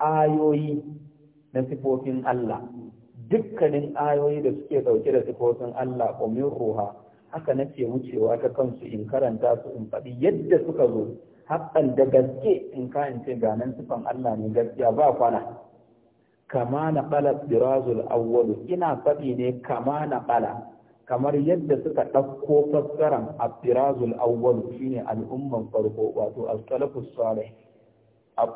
ayoyi na sifofin Allah dukkanin ayoyi da suke dauke da sifofin Allah umirruha haka na nake wucewa ta kansu in karanta su in faɗi yadda suka zo haƙƙan da gaske in ka in ce sufan Allah ne gaskiya ba kwana kama na ɓala birazul awwalu ina faɗi ne kama na ɓala kamar yadda suka ɗauko fassaran abdirazul awwal shine al'umman farko wato as-salafus salih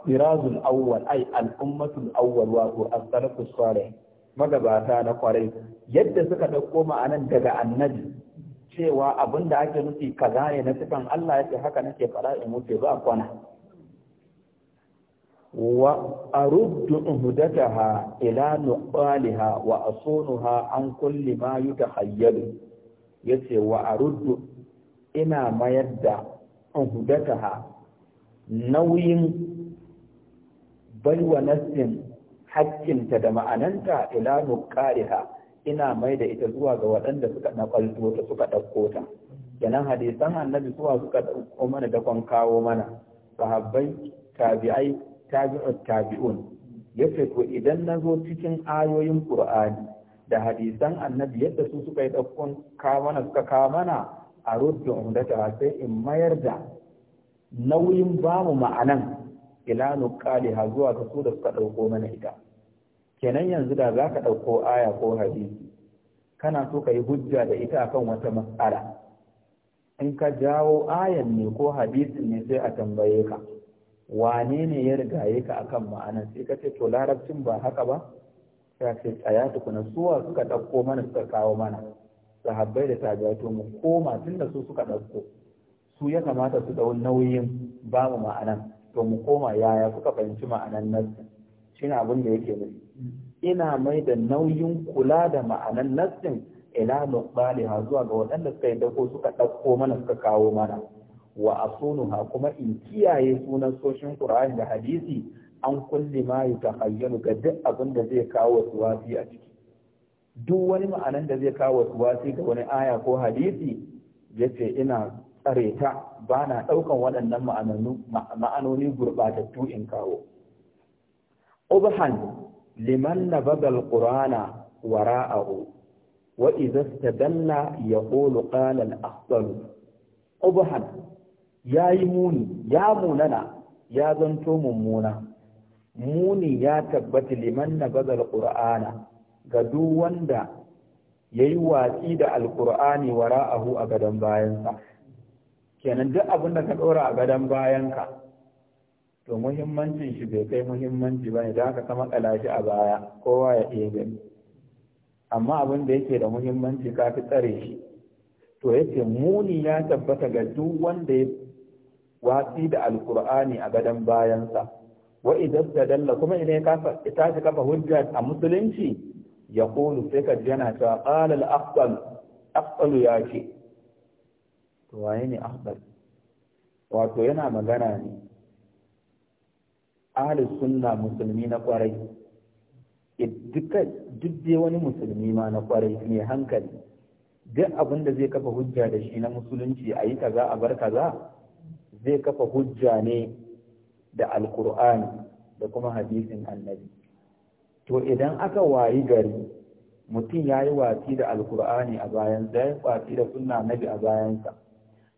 birazul awwal ai al'ummatul awwal wato as-salafus salih magabata na kwarai yadda suka ɗauko ma'anan daga annabi cewa abin da ake nufi kaza ne na sifan Allah yake haka nake fara in wuce ba kwana wa aruddu uhudataha ila nuqaliha wa asunuha an kulli ma yutahayyalu yace wa aruddu ina mayar da uhudataha nauyin baiwa nassin hakkinta da ma'ananta ila nuqaliha ina mai da ita zuwa ga waɗanda suka ɗaƙwalto ta suka ɗauko ta kenan hadisan annabi suwa suka ɗauko mana dakon kawo mana sahabbai tabi'ai tabi'ut tabi'un yace to idan nazo cikin ayoyin qur'ani da hadisan annabi yadda su suka yi ɗaukon kawo mana suka kawo mana a da umdata sai in mayar da nauyin bamu ma'anan ila nuqaliha zuwa ga su da suka ɗauko mana ita kenan yanzu da za ka ɗauko aya ko hadisi kana so ka yi hujja da ita akan wata matsala in ka jawo ayan ne ko hadisin ne sai a tambaye ka wane ne ya yi ka akan ma'ana sai ka ce to larabcin ba haka ba sai ce tsaya tukuna suwa suka ɗauko mana suka kawo mana sahabbai da to mu koma tun da su suka ɗauko su ya kamata su ɗau nauyin ba mu ma'anan to mu koma yaya suka fahimci ma'anan nan shine abin da yake nufi ina mai da nauyin kula da ma'anan nassin ila ha zuwa ga waɗanda suka dako ko suka ɗauko mana suka kawo mana wa asunuha kuma in kiyaye sunan soshin qur'ani da hadisi an kulli ma yutakhayyalu ga duk abin da zai kawo wasuwasi a ciki duk wani ma'anan da zai kawo wasuwasi ga wani aya ko hadisi yace ina tsare ta ba na ɗaukan waɗannan ma'anoni gurbatattu in kawo. ubhan liman nabada alqur'ana wara'ahu wa idza istadalla yaqulu qala al-afdalu ubhan yayi muni ya munana ya zanto mummuna muni ya tabbata liman nabada alqur'ana ga duk wanda yayi watsi da wa wara'ahu a gadon bayansa kenan duk abin da ka ɗora a gadon bayanka to muhimmancin shi bai kai muhimmanci ba ne da aka kama kalashi a baya kowa ya iya gani amma abin da yake da muhimmanci ka fi tsare shi to yake muni ya tabbata ga duk wanda ya watsi da alkur'ani a gadon bayansa wa idan da dalla kuma ina ya tashi kafa hujja a musulunci ya kulu sai ka ji yana cewa ƙalal afdal ya ce to waye ne afdal wato yana magana ne ahlus sunna musulmi na kwarai duk dai wani musulmi ma na kwarai mai hankali duk abin da zai kafa hujja da shi na musulunci a yi kaza a bar kaza zai kafa hujja ne da alkur'ani da kuma hadisin annabi to idan aka wayi gari mutum ya yi watsi da alkur'ani a bayansa ya yi watsi da sunna nabi a bayansa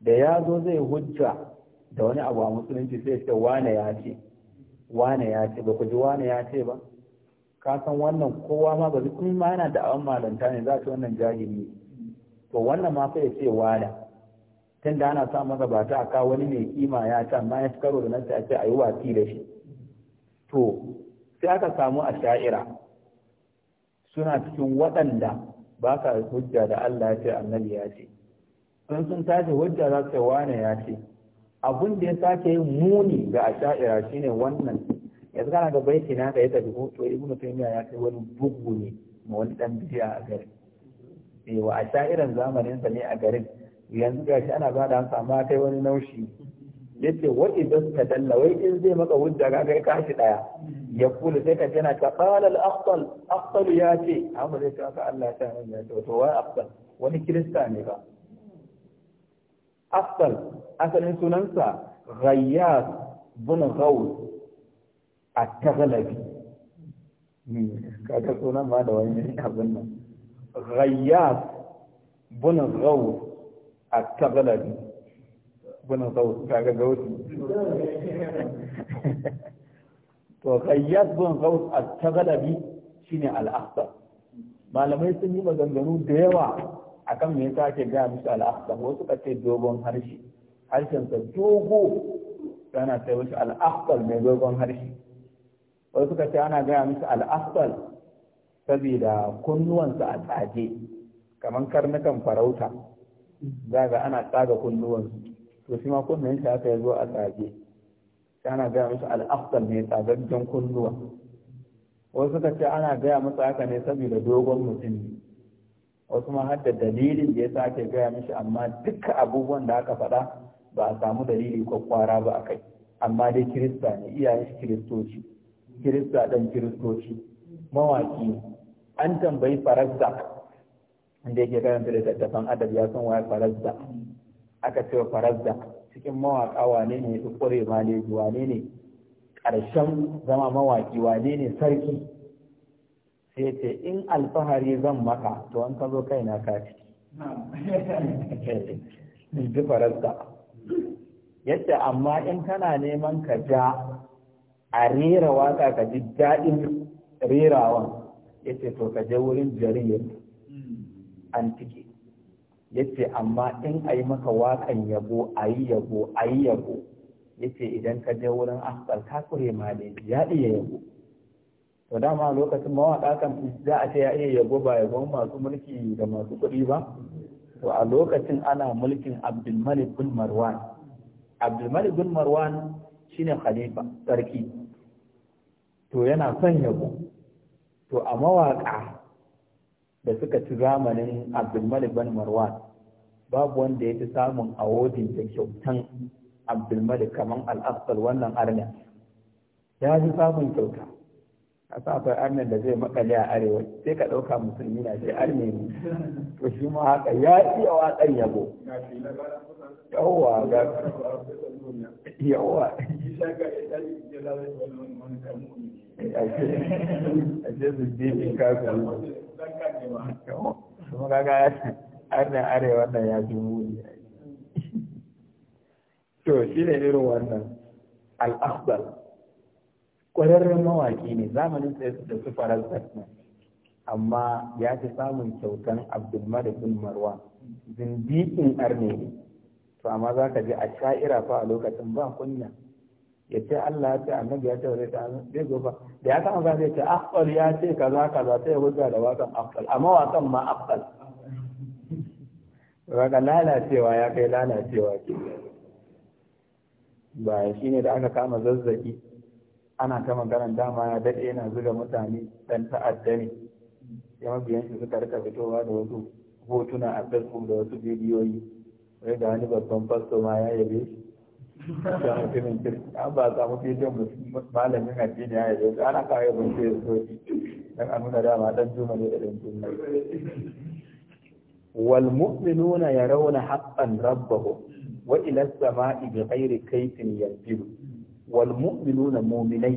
da ya zo zai hujja da wani abu a musulunci sai ce wane ya ce wane ya ce ba ku ji wane ya ce ba ka san wannan kowa ma ba kun ma yana da awan malanta ne za ta wannan jahili to wannan ma sai ya ce wane tun da ana sa masa ba ta aka wani mai kima ya ta amma ya karo da nan ta a ce a yi da shi to sai aka samu a sha'ira suna cikin waɗanda ba ka hujja da Allah ya ce annabi ya ce sun sun tashi hujja za su ce wane ya ce abun da ya sake yin muni ga asha'ira shine wannan Ya kana ga baiti na ka ya tafi ko to ibnu taymiya ya kai wani bugu ne ma wani dan bidiya a garin eh wa asha'iran zamanin sa ne a garin yanzu shi ana ba da amma kai wani naushi yace wa idan ta dalla wai in zai maka hujja ga kai kashi daya ya kula sai ka tana ka qala al afdal afdal ya ce amma zai ka Allah ta ya to wani kirista ne ba asal asalin sunansa ghayyas bin ghaus a tagalabi. kaga sunan ma da wani abin nan ghayyas bin ghaus at-taghlabi bin ghaus kaga gausi to ghayyas bin ghaus at-taghlabi shine al malamai sun yi maganganu da yawa akan me yasa ake gaya musu al'aqsam wasu ka ce dogon harshe harshen ta dogo ana sai musu al'aqsal mai dogon harshe wasu ka ce ana gaya musu al'aqsal saboda kunnuwansa a tsaje kamar karnukan farauta za ga ana tsaga kunnuwansu to shi ma kunnen shi aka zo a tsage sai ana gaya musu al'afdal mai tsagaggen kunnuwa wasu suka ce ana gaya musu haka ne saboda dogon mutum ne wasu ma har dalilin da ya sa ake gaya mishi amma duka abubuwan da aka faɗa ba a samu dalili kwakwara ba a kai amma dai kirista ne iyayen shi kiristoci kirista dan kiristoci mawaki an tambayi farazak wanda yake karanta da tattafan adab ya san waya farasta aka cewa farazak cikin mawaka wane ne ya fi ma ne wane ne ƙarshen zama mawaki wane ne sarki sai in alfahari zan maka to an ka kaina ka ci ji amma in kana neman ka ja a rera waka ka ji daɗin rerawan yace to ka je wurin jariyar Ya yace amma in a yi maka wakan yabo a yabo a yi yabo yace idan ka je wurin asibar ka kure ma ne ya iya yabo to dama lokacin mawaƙa kan za a ce ya iya yabo ba yabon masu mulki da masu kuɗi ba to a lokacin ana mulkin abdulmalik bin marwan abdulmalik bin marwan shine khalifa sarki to yana son yabo to a mawaƙa da suka ci zamanin abdulmalik bin marwan babu wanda ya ci samun awodin da kyautan abdulmalik kamar al'afsal wannan arna ya fi samun kyauta A akwai armen da zai makale a arewa sai ka ɗauka musulmi na sai arme ne to shi ma haka ya fi iya waƙar yabo yawa ga yawa a ce su kuma kaga arewa nan ya fi muni to shi ne irin wannan al'akbar ƙwararren mawaƙi ne zamanin sai su ɗauki farar ne amma ya fi samun kyautan abdulmalik bin marwa zindiƙin arne ne to amma za ka je a sha'ira fa a lokacin ba kunya ya ce Allah ya ce annabi ya ce zai ta zai zo fa da ya kama zai ce afdal ya ce kaza kaza sai ya wuce da wakan afdal amma wakan ma afdal Raka lalacewa ya kai lalacewa ke Ba shi ne da aka kama zazzaki ana ta maganar dama ya daɗe yana zuga mutane dan ta'adda ne ya mabiyan shi suka rika fitowa da wasu hotuna a facebook da wasu bidiyoyi wai da wani babban fasto ma ya yabe shi ta mutumin kirki an ba samu bidiyon malamin addini ya yabe shi ana kawai yabon shi ya soki dan an nuna dama dan juma ne da dan juma wal mu'minuna yarawna haqqan rabbahum wa ila as-sama'i bighayri kayfin yanzilu wal mu'minuna mu'minai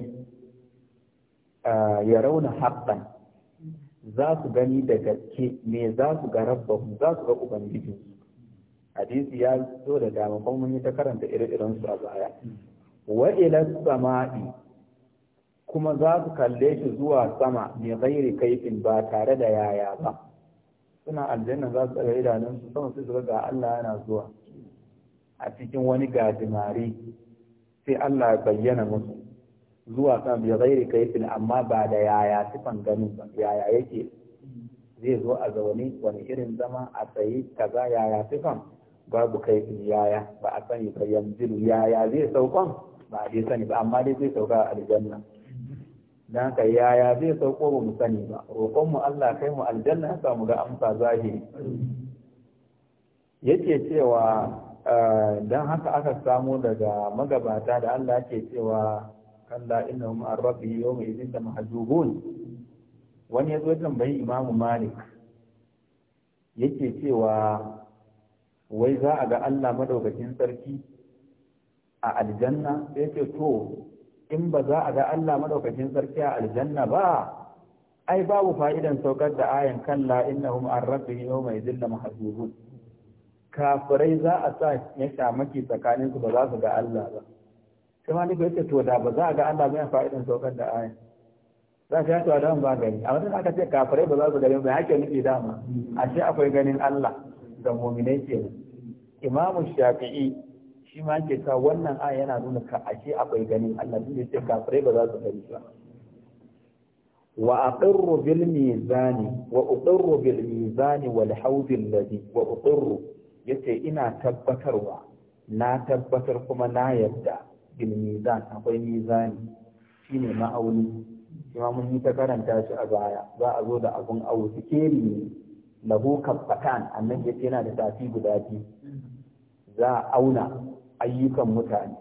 ya rauna haqqan za su gani da gaske me za su ga rabbahu za su ga ubangiji hadisi ya zo da dama kuma mun yi ta karanta ire-iren su a baya wa ila sama'i kuma za su kalle shi zuwa sama mai gairi kaifin ba tare da yaya ba suna aljanna za su tsaga idanunsu sama su ga Allah yana zuwa a cikin wani gadimare. sai Allah ya bayyana musu zuwa kan bi ghairi kayfin amma ba da yaya sifan ganin ba yaya yake zai zo a zaune wani irin zama a tsaye kaza yaya sifan babu kaifin yaya ba a sani ba yanzu yaya zai saukon ba a dai sani ba amma dai zai sauka a aljanna dan haka yaya zai sauko ba mu sani ba roƙon mu Allah kai mu aljanna ya samu ga amsa zahiri yake cewa Eh, don haka aka samu daga magabata da Allah ke cewa kalla innahum an rabbi yawma idin da mahjubun wani yazo tambayi Imam Malik yake cewa wai za a ga Allah madaukakin sarki a aljanna sai ce to in ba za a ga Allah madaukakin sarki a aljanna ba ai babu fa'idan saukar da ayan kalla innahum an rabbi yawma idin da mahjubun kafirai za a sa ya shamaki tsakanin su ba za su ga Allah ba sai ma nika yace to da ba za a ga Allah ba fa'idan saukar da ayi. za ka yato da ba gani a wannan aka ce kafirai ba za su gani ba hake nufi dama ashe akwai ganin Allah da mu'minai kenan imamu shafi'i shi ma ke sa wannan aya yana nuna ka ashe akwai ganin Allah tun da yace kafirai ba za su gani ba Wa wa bil mizani wal بالميزان alladhi wa aqirru Ya ce ina tabbatarwa na tabbatar kuma na yadda bil mizan akwai mizani shine ma'auni kuma mun yi ta karanta shi a baya za a zo da abun awo sikeli ne lahu kaffatan annan yace yana da tafi guda biyu za a auna ayyukan mutane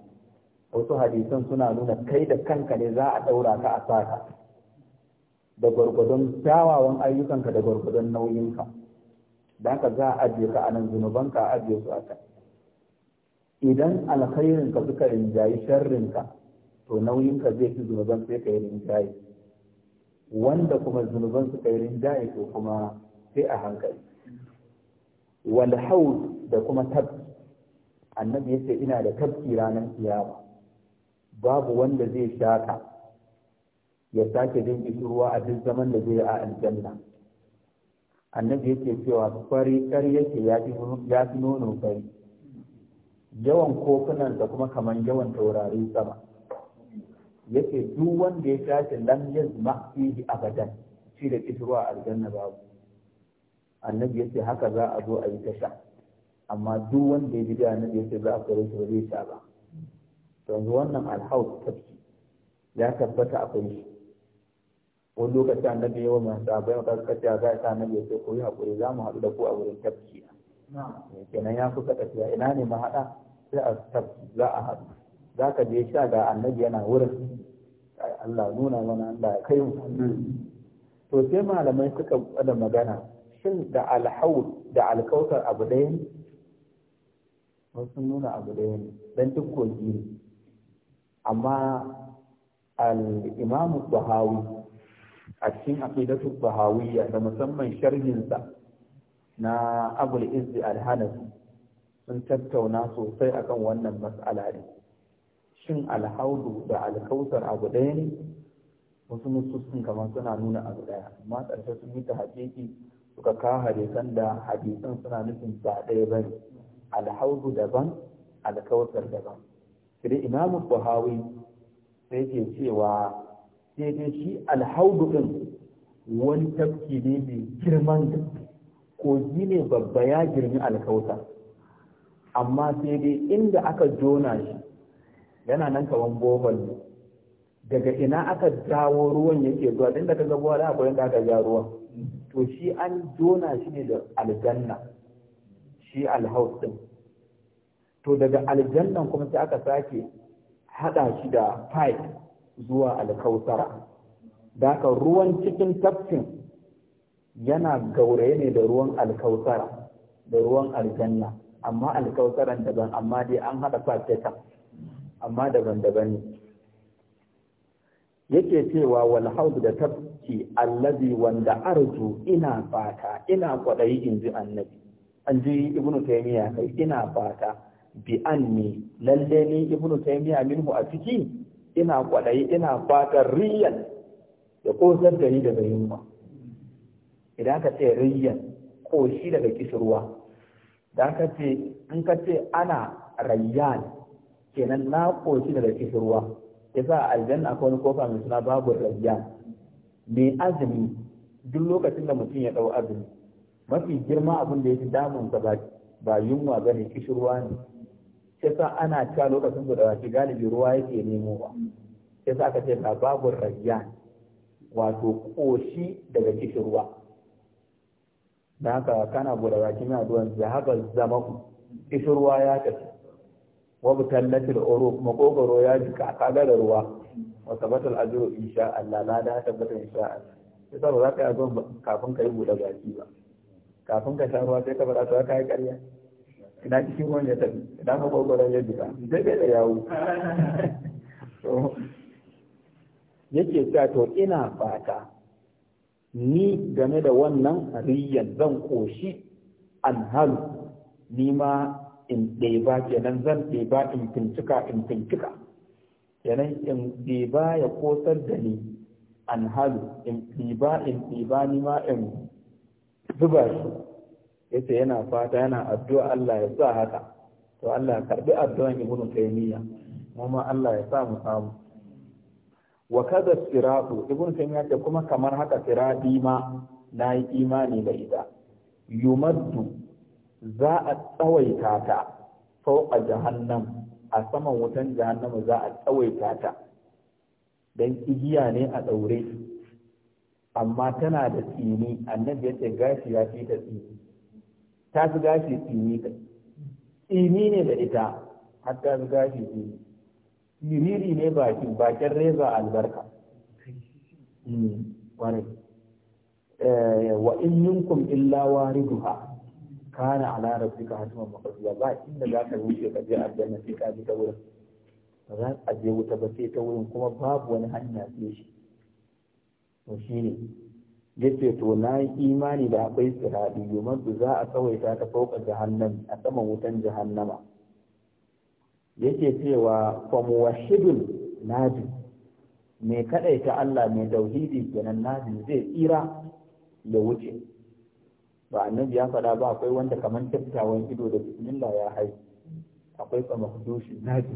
wasu hadisan suna nuna kai da kanka ne za a daura ka a saka da gwargwadon kyawawan ayyukanka da gwargwadon nauyinka da ka za a ajiye ka a nan zunuban ka ajiye su a idan alkhairin ka suka rinjayi sharrin ka to nauyin ka zai fi zunuban sai ka yi rinjaye wanda kuma zunuban suka yi rinjaye to kuma sai a hankali wal haud da kuma tabbi annabi yace ina da tabki ranar kiyama babu wanda zai shaka ya sake jin ruwa a duk zaman da zai yi a aljanna annabi yake cewa fari kar yake ya fi nono fari yawan kofunansa kuma kamar yawan taurari sama yake duk wanda ya tashi lam yazma fihi abadan shi da kitirwa aljanna babu annabi yace haka za a zo a yi ta sha amma duk wanda ya bi annabi yace za a kare shi ba zai sha ba to yanzu wannan alhaus tafki ya tabbata akwai shi wani lokaci annabi yawa masu sahabbai maka suka ce za a sa annabi ya ce ko yi haƙuri za mu haɗu da ku a wurin tafki eh, kenan ya fi kaɗa fiya ina ne mahaɗa sai a tafki za a haɗu za ka je sha ga annabi yana wurin Allah nuna mana Allah ya kai mu to sai malamai suka da magana shin da alhaul da alkautar abu ɗaya ne wasu nuna abu ɗaya ne don duk kogi ne amma al-imamu Buhari a cikin aqidatu sahawiyya da musamman sharhinsa na abul izzi al-hanafi sun tattauna sosai akan wannan mas'ala ne shin alhaudu da alkausar abu ɗaya ne wasu nususun kamar suna nuna abu ɗaya amma ƙarshe sun yi ta hakiki suka kawo san da hadisan suna nufin ba ɗaya ba ne alhaudu daban alkausar daban sai imamu buhawi sai ke cewa sai dai shi alhaudu ɗin wani tafki ne mai girman ko kogi ne babba ya girmi alkauta amma sai dai inda aka jona shi yana nan kamar bohol daga ina aka dawo ruwan yake zuwa inda ka zabuwa da akwai inda aka ja ruwan to shi an jona shi ne da aljanna shi alhaus din to daga aljannan kuma sai aka sake haɗa shi da pipe zuwa alkausara daga ruwan cikin tafkin yana gauraye ne da ruwan alkausara da ruwan aljanna amma alkausaran daban amma dai an haɗa fatetan amma daban-daban ne yake cewa wal haud da tafki allazi wanda arju ina fata ina kwaɗayi in ji annabi an ji ibnu taymiya kai ina fata bi anni lalle ni ibnu taymiya minhu a ciki ina kwaɗayi ina fatan riyan da ƙosar da ni daga yunwa idan ka ce riyan ƙoshi daga kishirwa idan ka ce in ka ce ana rayyan kenan na ƙoshi daga kishirwa ya sa aljanna akwai wani kofa mai suna babu rayyan mai azumi duk lokacin da mutum ya ɗau azumi mafi girma abin da ya fi damunsa ba yunwa ba ne kishirwa ne yasa ana cewa lokacin da baki galibi ruwa yake nemo ba yasa aka ce ka babu rayyan wato koshi daga kishin ruwa da haka kana bude baki mai addu'an zahaba zamahu kishin ruwa ya tafi wabu tallatil oro makogoro ya jika kaga da ruwa wa tabatal ajru insha Allah la da tabbata insha Allah sai ba za ka yi kafin ka yi bude baki ba kafin ka sha ruwa sai ka ba za ka yi karya. ina cikin ruwan ya tafi ina makwakwalon ya jika daga da yawo yake cewa to ina fata ni game da wannan riyan zan koshi an halu ni ma in ɗeba kenan zan ɗeba in fincika in fincika kenan in ɗeba ya kosar da ni an halu in ɗeba in ɗeba ni ma in zuba shi yace yana fata yana addu'a Allah ya sa haka to Allah ya karbi addu'an ibnu taymiya kuma Allah ya sa mu samu wa kaza siratu ibnu taymiya ce kuma kamar haka siradi ma nayi imani da ita yumaddu za a tsawaita ta fauqa jahannam a saman wutan jahannama za a tsawaita ta dan igiya ne a daure amma tana da tsini annabi yace gashi ya fi ta tsini ta fi gashi tsini ta tsini ne da ita har ta fi gashi tsini limiri ne bakin bakin reza albarka hmm, wani eh, wa in yunkum illa wariduha kana ala rabbika hatuma maqdiya ba inda za ka wuce ka je aljanna sai ka bi ta wurin ba za a je wuta ba sai ta wurin kuma babu wani hanya sai shi to shine yace to na yi imani da akwai tsirabi domin su za a tsawaita ta fauka jahannam a saman wutan jahannama yake cewa fa muwahhidun nadi me ta Allah mai tauhidi kenan nadi zai tsira ya wuce ba annabi ya faɗa ba akwai wanda kaman tattawan ido da bismillah ya hai akwai kuma hudushi nadi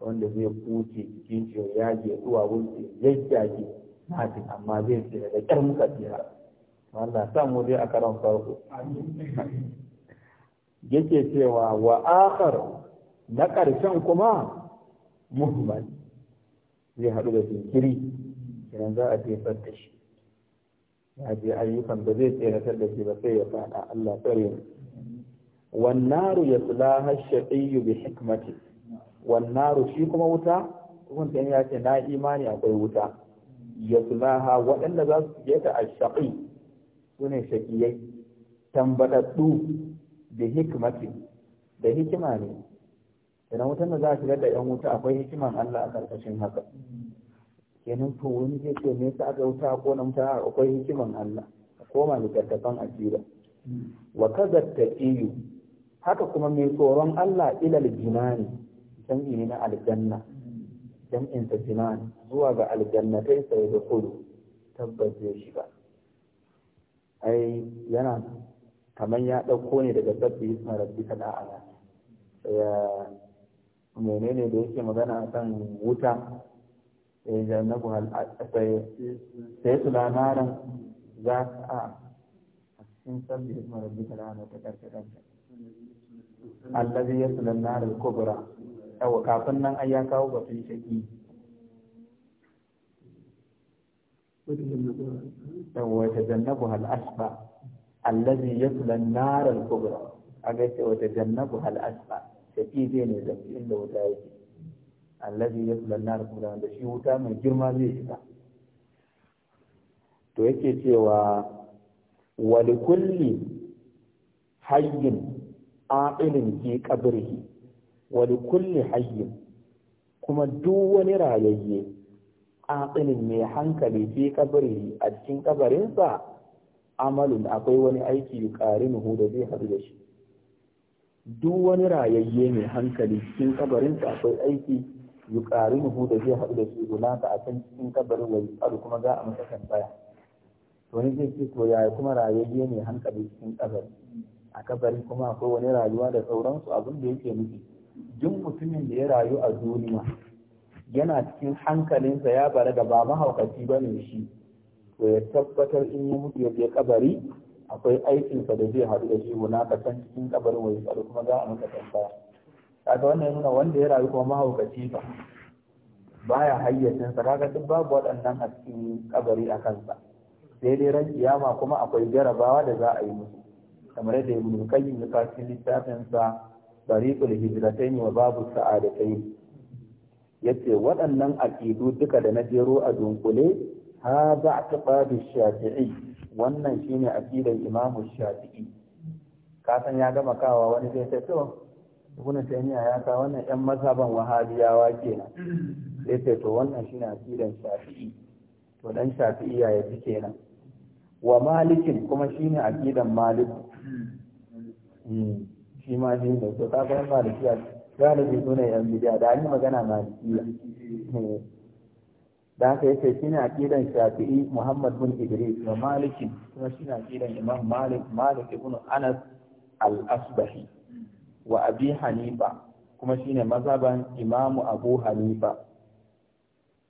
wanda zai kuce cikin shi ya yage zuwa wuce yayyage hadin amma zai tsira da kyar muka tsira wanda sa mu dai a karon farko yake cewa wa akhar na ƙarshen kuma muhammad zai haɗu da jinkiri idan za a jefar da shi ya je ayyukan da zai tseratar da shi ba sai ya faɗa Allah tsare mu wannaru ya tsulaha hashe bi hikmati wannaru shi kuma wuta wanda ya ce na imani akwai wuta yasmaha waɗanda za su je ta ashaqi sune shaqiyai tambatattu da hikmati da hikima ne idan wutan da za a shigar da yan wuta akwai hikiman Allah a karkashin haka kenan to wani zai ce me yasa aka wuta ko na wuta akwai hikiman Allah koma littattafan asira wa kaza taqiyu haka kuma mai tsoron Allah ilal jinani canji ne na aljanna jam'in jinan zuwa ga aljannatai sai da kudu tabbas zai shiga ai yana kamar ya ɗauko ne daga sabbi isma rabbi kana ya menene da yake magana akan wuta sai jannabu hal sai sai su lanaran za a cikin sabbi isma rabbi ta ala ta karkatan allazi yaslan nar al-kubra yawa kafin nan ai ya kawo batun shaki yawa ta jannabu hal asba allazi ya an-nar al-kubra aga ce wa ta jannabu hal asba shaki zai ne da inda wuta yake allazi ya an-nar al-kubra da shi wuta mai girma zai shiga to yake cewa walikulli hayyin a'ilin fi qabrihi Wani kulle kulli hayyin kuma duk wani rayayye aqilin mai hankali fi kabari a cikin kabarinsa amalin akwai wani aiki qarinuhu da zai haɗu da shi duk wani rayayye mai hankali cikin kabarinsa akwai aiki yuqarinuhu da zai haɗu da shi gunaka a can cikin kabarin wani tsaro kuma za a masa tambaya wani zai ce to yaya kuma rayayye mai hankali cikin kabari a kabari kuma akwai wani rayuwa da sauransu abin da yake nufi duk mutumin da ya rayu a duniya yana cikin hankalinsa ya bari da ba mahaukaci ba ne shi to ya tabbatar in ya mutu ya je kabari akwai aikinsa da zai haɗu da shi munaka san cikin kabarin wai tsaro kuma za a maka tambaya kaga wannan ya nuna wanda ya rayu kuma mahaukaci ba baya hayyacinsa kaga duk babu waɗannan a cikin kabari a kansa sai dai ran kiyama kuma akwai jarabawa da za a yi musu kamar yadda ibn qayyim ya kawo cikin littafinsa طريق الهجرتين wa babu يتي yace waɗannan aqidu duka da na jero a dunkule hadha shafi'i wannan shine aqidar imam shafi'i ka san ya gama kawa wani sai sai to ibn taymiya ya ka wannan ɗan mazhaban wahabiyawa kenan sai sai to wannan shine aqidar shafi'i to dan shafi'i ya yafi kenan wa malikin kuma shine aqidan malik hmm. shi ma shi ne to ka ga malikiya galibi su ne yan bidiya da an yi magana malikiya eh. da haka yace shi ne aqidan shafi'i muhammad bin idris wa maliki kuma shi ne aqidan imam malik malik ibn anas al-asbahi wa abi hanifa kuma shi ne mazhaban imam abu hanifa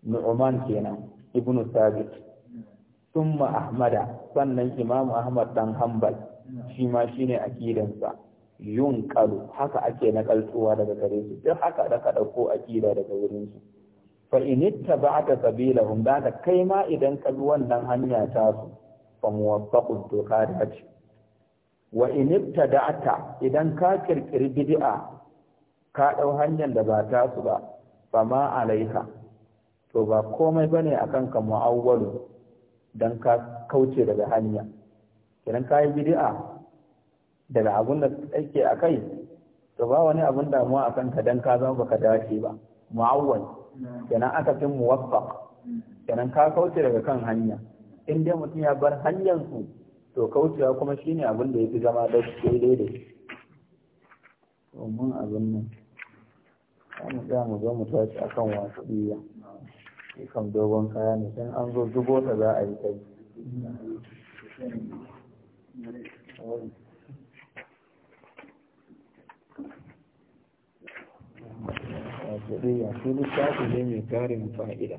nu'man kenan ibn sabit thumma ahmada sannan imam ahmad dan hanbal shi ma shine aqidansa yun kalu haka ake nakaltuwa daga gare su duk haka da ka ɗauko akida daga wurin su fa in ittaba'ta sabilahum da ka kai ma idan ka bi wannan hanya ta su fa muwaffaqu doka da ce wa in ibtada'ta idan ka kirkiri bid'a ka ɗau hanyar da ba ta su ba fa ma alaika to ba komai bane akan ka mu'awwalu dan ka kauce daga hanya idan ka yi bid'a daga abin da ake a kai to ba wani abin damuwa a kanka dan ka zama baka dace ba mu'awwal kenan aka fi muwaffaq kenan ka kauce daga kan hanya in dai mutum ya bar hanyar su to kaucewa kuma shine abin da yafi zama daidai da to mun abin nan mu tsaya mu zo mu tashi akan wasu iya kan dogon kaya ne sai an zo zubo ta za a yi kai a kuɗi ya su littafi ne mai karin fa'ida